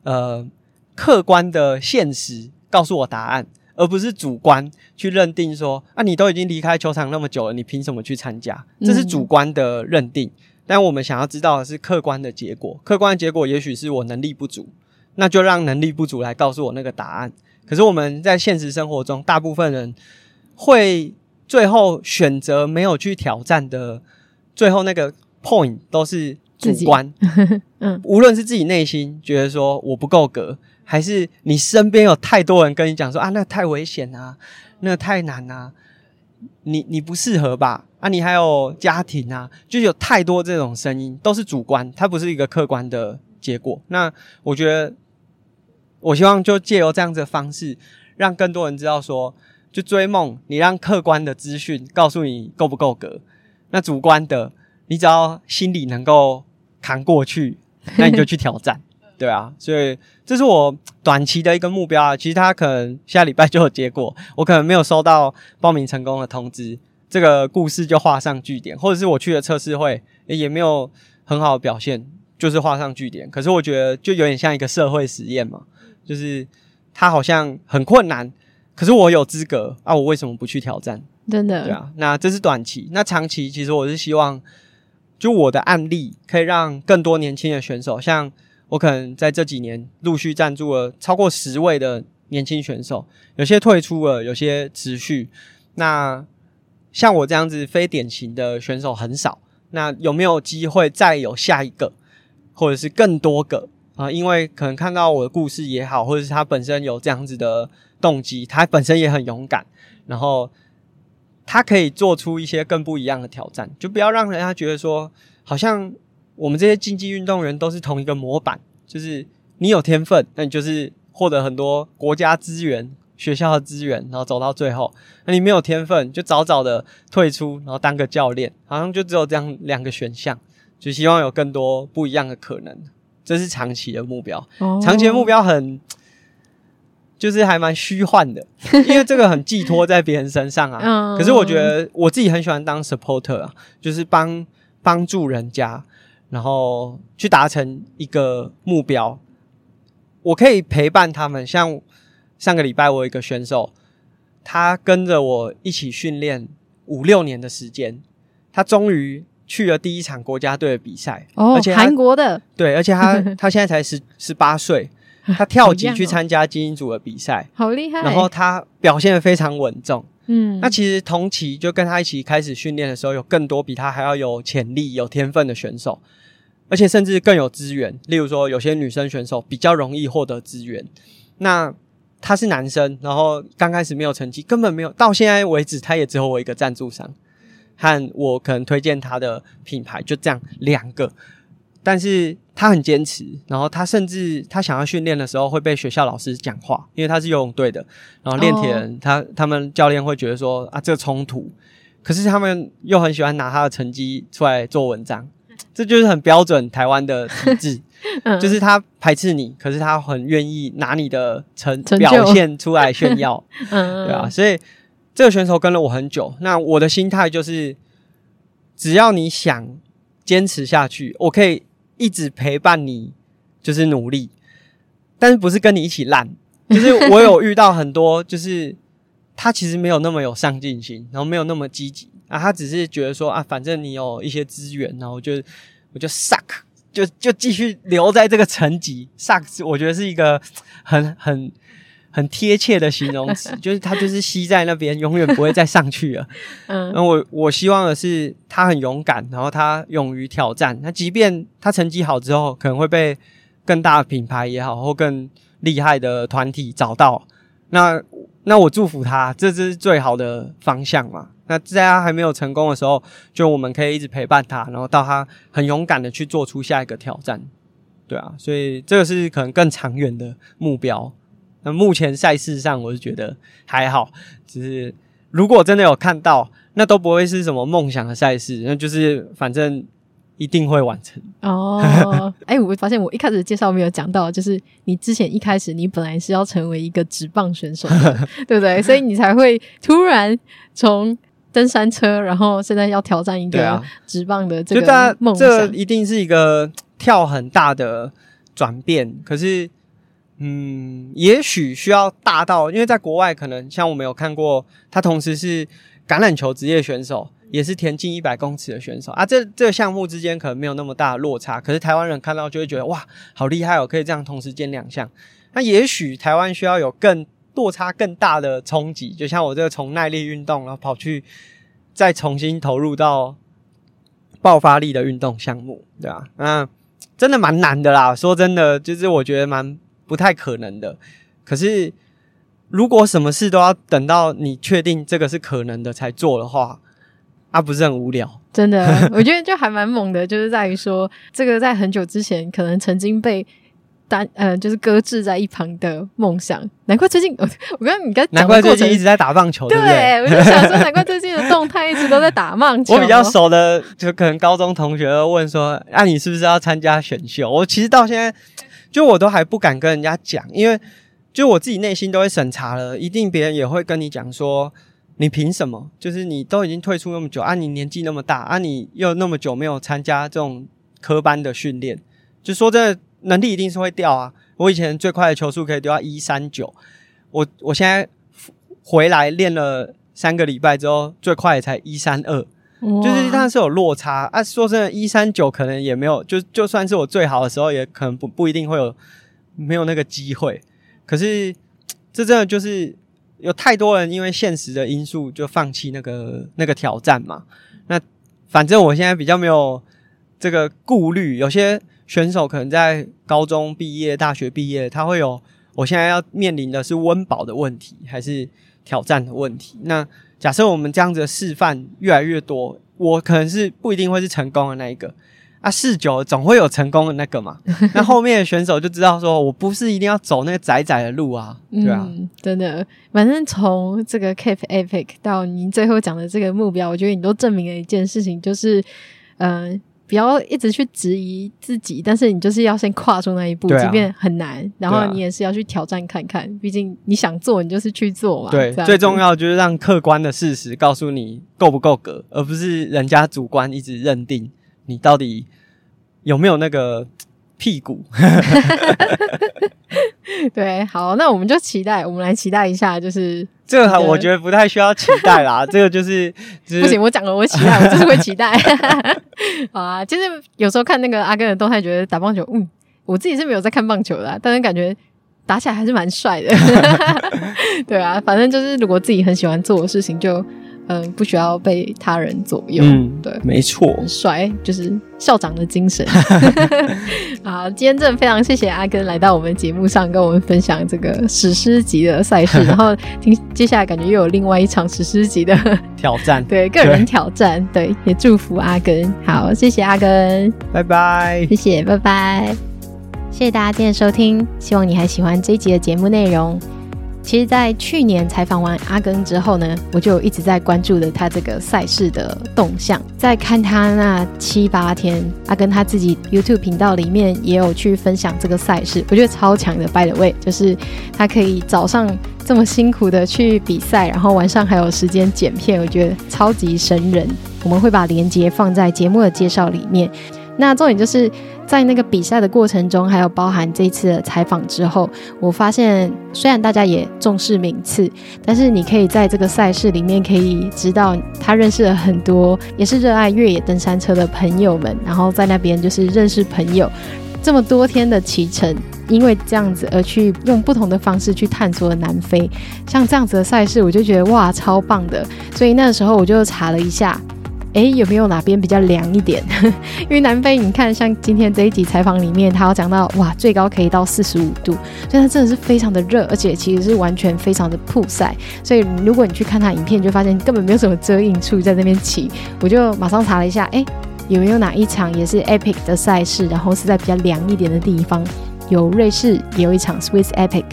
呃客觀的現實告訴我答案，而不是主觀去認定說啊，你都已經離開球場那麼久了，你憑什麼去參加？這是主觀的認定。嗯。但我們想要知道的是客觀的結果，客觀的結果也許是我能力不足，那就讓能力不足來告訴我那個答案。可是我們在現實生活中，大部分人。會最後選擇沒有去挑戰的，最後那個 point 都是主觀，呵呵嗯，無論是自己內心覺得說我不夠格，還是你身邊有太多人跟你講說啊，那太危險啊，那太難啊，你你不適合吧？啊，你還有家庭啊，就是有太多這種聲音，都是主觀，它不是一個客觀的結果。那我覺得，我希望就借由這樣子的方式，讓更多人知道說。就追夢，你讓客觀的資訊告訴你夠不夠格，那主觀的，你只要心裡能夠扛過去，那你就去挑戰， 對啊。所以這是我短期的一個目標啊。其實他可能下禮拜就有結果，我可能沒有收到報名成功的通知，這個故事就畫上句點。或者是我去了測試會，也沒有很好的表現，就是畫上句點。可是我覺得就有點像一個社會實驗嘛，就是它好像很困難。可是我有資格啊，我為什麼不去挑戰？
真的對啊，
那這是短期，那長期其實我是希望，就我的案例可以讓更多年輕的選手，像我可能在這幾年陸續贊助了超過十位的年輕選手，有些退出了，有些持續。那像我這樣子非典型的選手很少，那有沒有機會再有下一個，或者是更多個啊？因為可能看到我的故事也好，或者是他本身有這樣子的。動機，他本身也很勇敢，然後他可以做出一些更不一樣的挑戰，就不要讓人家覺得說，好像我們這些競技運動員都是同一個模板，就是你有天分，那你就是獲得很多國家資源、學校的資源，然後走到最後，那你沒有天分，就早早的退出，然後當個教練，好像就只有這樣兩個選項，就希望有更多不一樣的可能，這是長期的目標，哦、長期的目標很，就是還蠻虛幻的，因為這個很寄託在別人身上啊。 可是我覺得我自己很喜歡當 supporter 啊，就是幫幫助人家，然後去達成一個目標。我可以陪伴他們，像上個禮拜我有一個選手，他跟着我一起訓練五六年的時間，他終於去了第一場國家隊的比賽。哦，而且他，韓
國的，
對，而且他他現在才十十八歲。 他跳級去參加精英組的比賽，啊哦，好厲害！然後他表現得非常穩重。嗯，那其實同期就跟他一起開始訓練的時候，有更多比他還要有潛力、有天分的選手，而且甚至更有資源。例如說，有些女生選手比較容易獲得資源。那他是男生，然後剛開始沒有成績，根本沒有。到現在為止，他也只有我一個贊助商和我可能推薦他的品牌，就這樣兩個。但是。他很堅持，然後他甚至他想要訓練的時候會被學校老師講話，因為他是游泳隊的，然後練鐵人、oh. 他他們教練會覺得說啊，這個衝突，可是他們又很喜歡拿他的成績出來做文章，這就是很標準台灣的體制， 嗯、就是他排斥你，可是他很願意拿你的成，成就表現出來炫耀，
嗯、對啊，
所以這個選手跟了我很久，那我的心態就是，只要你想堅持下去，我可以。一直陪伴你，就是努力，但是不是跟你一起爛？
就是我有遇
到很多，就是 他其實沒有那麼有上進心，然後沒有那麼積極啊，他只是覺得說啊，反正你有一些資源，然後就我就 suck，就就繼續留在這個層級 suck， 我覺得是一個很很。很貼切的形容詞，就是他就是吸在那邊， 永遠不會再上去了。 嗯，那我我希望的是他很勇敢，然後他勇於挑戰。那即便他成績好之後，可能會被更大的品牌也好，或更厲害的團體找到。那那我祝福他，這是最好的方向嘛。那在他還沒有成功的時候，就我們可以一直陪伴他，然後到他很勇敢的去做出下一個挑戰。對啊，所以這個是可能更長遠的目標。那目前賽事上，我是覺得還好，只是如果真的有看到，那都不會是什麼夢想的賽事，那就是反正一定會完成
哦。哎、 欸，我發現我一開始的介紹沒有講到，就是你之前一開始你本來是要成為一個職棒選手的， 對不對？所以你才會突然從登山車，然後現在要挑戰一個職棒的這個夢想，對啊、這一
定是一個跳很大的轉變，可是。嗯，也許需要大到，因為在國外，可能像我們有看過，他同時是橄欖球職業選手，也是田徑一百公尺的選手啊，這。這這個項目之間可能沒有那麼大的落差，可是台灣人看到就會覺得，哇，好厲害哦，可以這樣同時兼兩項。那也許台灣需要有更落差更大的衝擊，就像我這個從耐力運動，然後跑去再重新投入到爆發力的運動項目，對吧，啊。嗯，真的蠻難的啦。說真的，就是我覺得蠻。不太可能的，可是如果什麼事都要等到你確定這個是可能的才做的話，啊，不是很無聊？
真的， 我覺得就還蠻猛的，就是在於說，這個在很久之前可能曾經被單，呃，就是擱置在一旁的夢想，難怪最近我我跟你講難怪最近一直在打
棒球對不對？對我就想說難
怪最近的動態一直都在打棒球。 我比較
熟的就可能高中同學問說，那、啊、你是不是要參加選秀？我其實到現在。就我都還不敢跟人家講，因為就我自己內心都會審查了，一定別人也會跟你講說，你憑什麼？就是你都已經退出那麼久啊，你年紀那麼大啊，你又那麼久沒有參加這種科班的訓練，就說這能力一定是會掉啊。我以前最快的球速可以丟到一三九，我我現在回來練了三個禮拜之後，最快也才一三二。就是他是有落差啊！說真的，一三九可能也沒有，就就算是我最好的時候，也可能不不一定會有沒有那個機會。可是這真的就是有太多人因為現實的因素就放棄那個那個挑戰嘛。那反正我現在比較沒有這個顧慮，有些選手可能在高中畢業、大學畢業，他會有我現在要面臨的是溫飽的問題，還是？挑戰的問題。那假設我們這樣子示範越來越多，我可能是不一定會是成功的那一個啊。試久了總會有成功的那個嘛。 那後面的選手就知道說，我不是一定要走那個窄窄的路啊。對啊，嗯、
真的，反正從這個 Cape Epic 到您最後講的這個目標，我覺得你都證明了一件事情，就是嗯。呃不要一直去質疑自己，但是你就是要先跨出那一步，啊、即便很難，然後你也是要去挑戰看看。啊、畢竟你想做，你就是去做嘛。對，最重
要就是讓客觀的事實告訴你夠不夠格，而不是人家主觀一直認定你到底有沒有那個屁股。
對，好，那我們就期待，我們來期待一下，就是。
這個我覺得不太需要期待啦， 這個就是，就是不行。我
講了，我會期待，我就是會期待。 好啊，就是有時候看那個阿耕的動態，覺得打棒球，嗯，我自己是沒有在看棒球的，啊，但是感覺打起來還是蠻帥的。 對啊，反正就是如果自己很喜歡做的事情就。嗯，不需要被他人左右。嗯，對，沒錯，很帥就是校長的精神。 好，今天真的非常謝謝阿耕來到我們節目上，跟我們分享這個史詩級的賽事， 然後聽接下來感覺又有另外一場史詩級的
挑戰。 對，個人挑
戰。對，對，也祝福阿耕。好，謝謝阿耕，
拜拜 bye。謝
謝，拜拜。謝謝大家今天的收聽，希望你還喜歡這一集的節目內容。其實，在去年採訪完阿耕之後呢，我就一直在關注着他這個賽事的動向。在看他那七八天，阿耕他自己 YouTube 頻道裡面也有去分享這個賽事，我覺得超強的。By the way，就是他可以早上這麼辛苦的去比賽，然後晚上還有時間剪片，我覺得超級神人。我們會把鏈接放在節目的介紹裡面。那重點就是。在那個比賽的過程中，還有包含這次的採訪之後，我發現雖然大家也重視名次，但是你可以在這個賽事裡面可以知道他認識了很多也是熱愛越野登山車的朋友們，然後在那邊就是認識朋友。這麼多天的騎乘，因為這樣子而去用不同的方式去探索了南非，像這樣子的賽事，我就覺得哇超棒的。所以那時候我就查了一下。誒、欸，有沒有哪邊比較涼一點？ 因為南非，你看像今天這一集採訪裡面，他要講到哇，最高可以到四十五度，所以它真的是非常的熱，而且其實是完全非常的曝曬。所以如果你去看它影片，就發現根本沒有什麼遮陰處在那邊騎。我就馬上查了一下，誒、欸，有沒有哪一場也是 epic 的賽事，然後是在比較涼一點的地方？有瑞士也有一場 Swiss epic，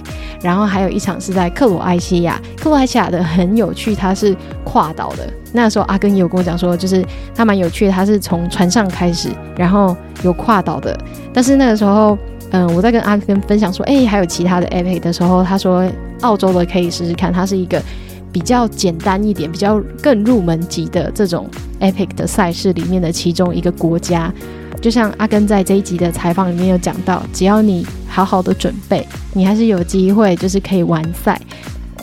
然後還有一場是在克羅埃西亞。克羅埃西亞的很有趣，它是跨島的。那個時候，阿耕有跟我講說，就是他蠻有趣的，他是從船上開始，然後有跨島的。但是那個時候，嗯，我在跟阿耕分享說，哎、欸，還有其他的 Epic 的時候，他說澳洲的可以試試看，它是一個比較簡單一點、比較更入門級的這種 Epic 的賽事裡面的其中一個國家。就像阿耕在這一集的採訪裡面有講到，只要你好好的準備，你還是有機會，就是可以完賽。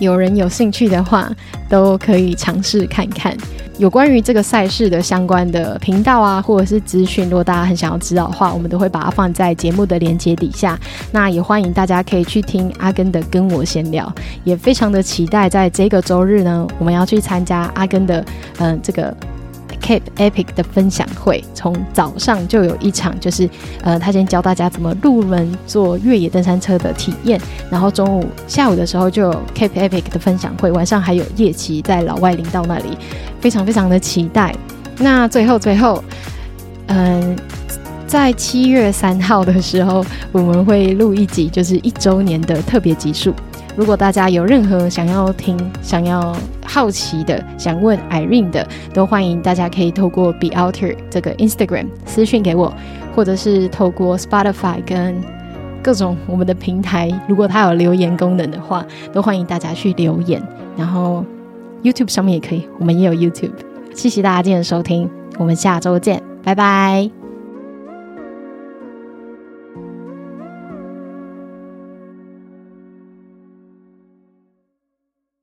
有人有興趣的話，都可以嘗試看看有關於這個賽事的相關的頻道啊，或者是資訊。如果大家很想要知道的話，我們都會把它放在節目的鏈接底下。那也歡迎大家可以去聽阿耕的《耕我閒聊》，也非常的期待在這個週日呢，我們要去參加阿耕的嗯、呃、這個。Cape Epic 的分享會，從早上就有一場，就是呃，他先教大家怎麼入門做越野登山車的體驗，然後中午、下午的時候就有 Cape Epic 的分享會，晚上還有夜騎在老外林道那裡，非常非常的期待。那最後最後，嗯、呃，在七月三號的時候，我們會錄一集，就是一周年的特別集數。如果大家有任何想要聽、想要，好奇的想問 Irene 的，都歡迎大家可以透過 BeOuter 這個 Instagram 私訊給我，或者是透過 Spotify 跟各種我們的平台，如果它有留言功能的話，都歡迎大家去留言。然後 YouTube 上面也可以，我們也有 YouTube。謝謝大家今天的收聽，我們下周見，拜拜。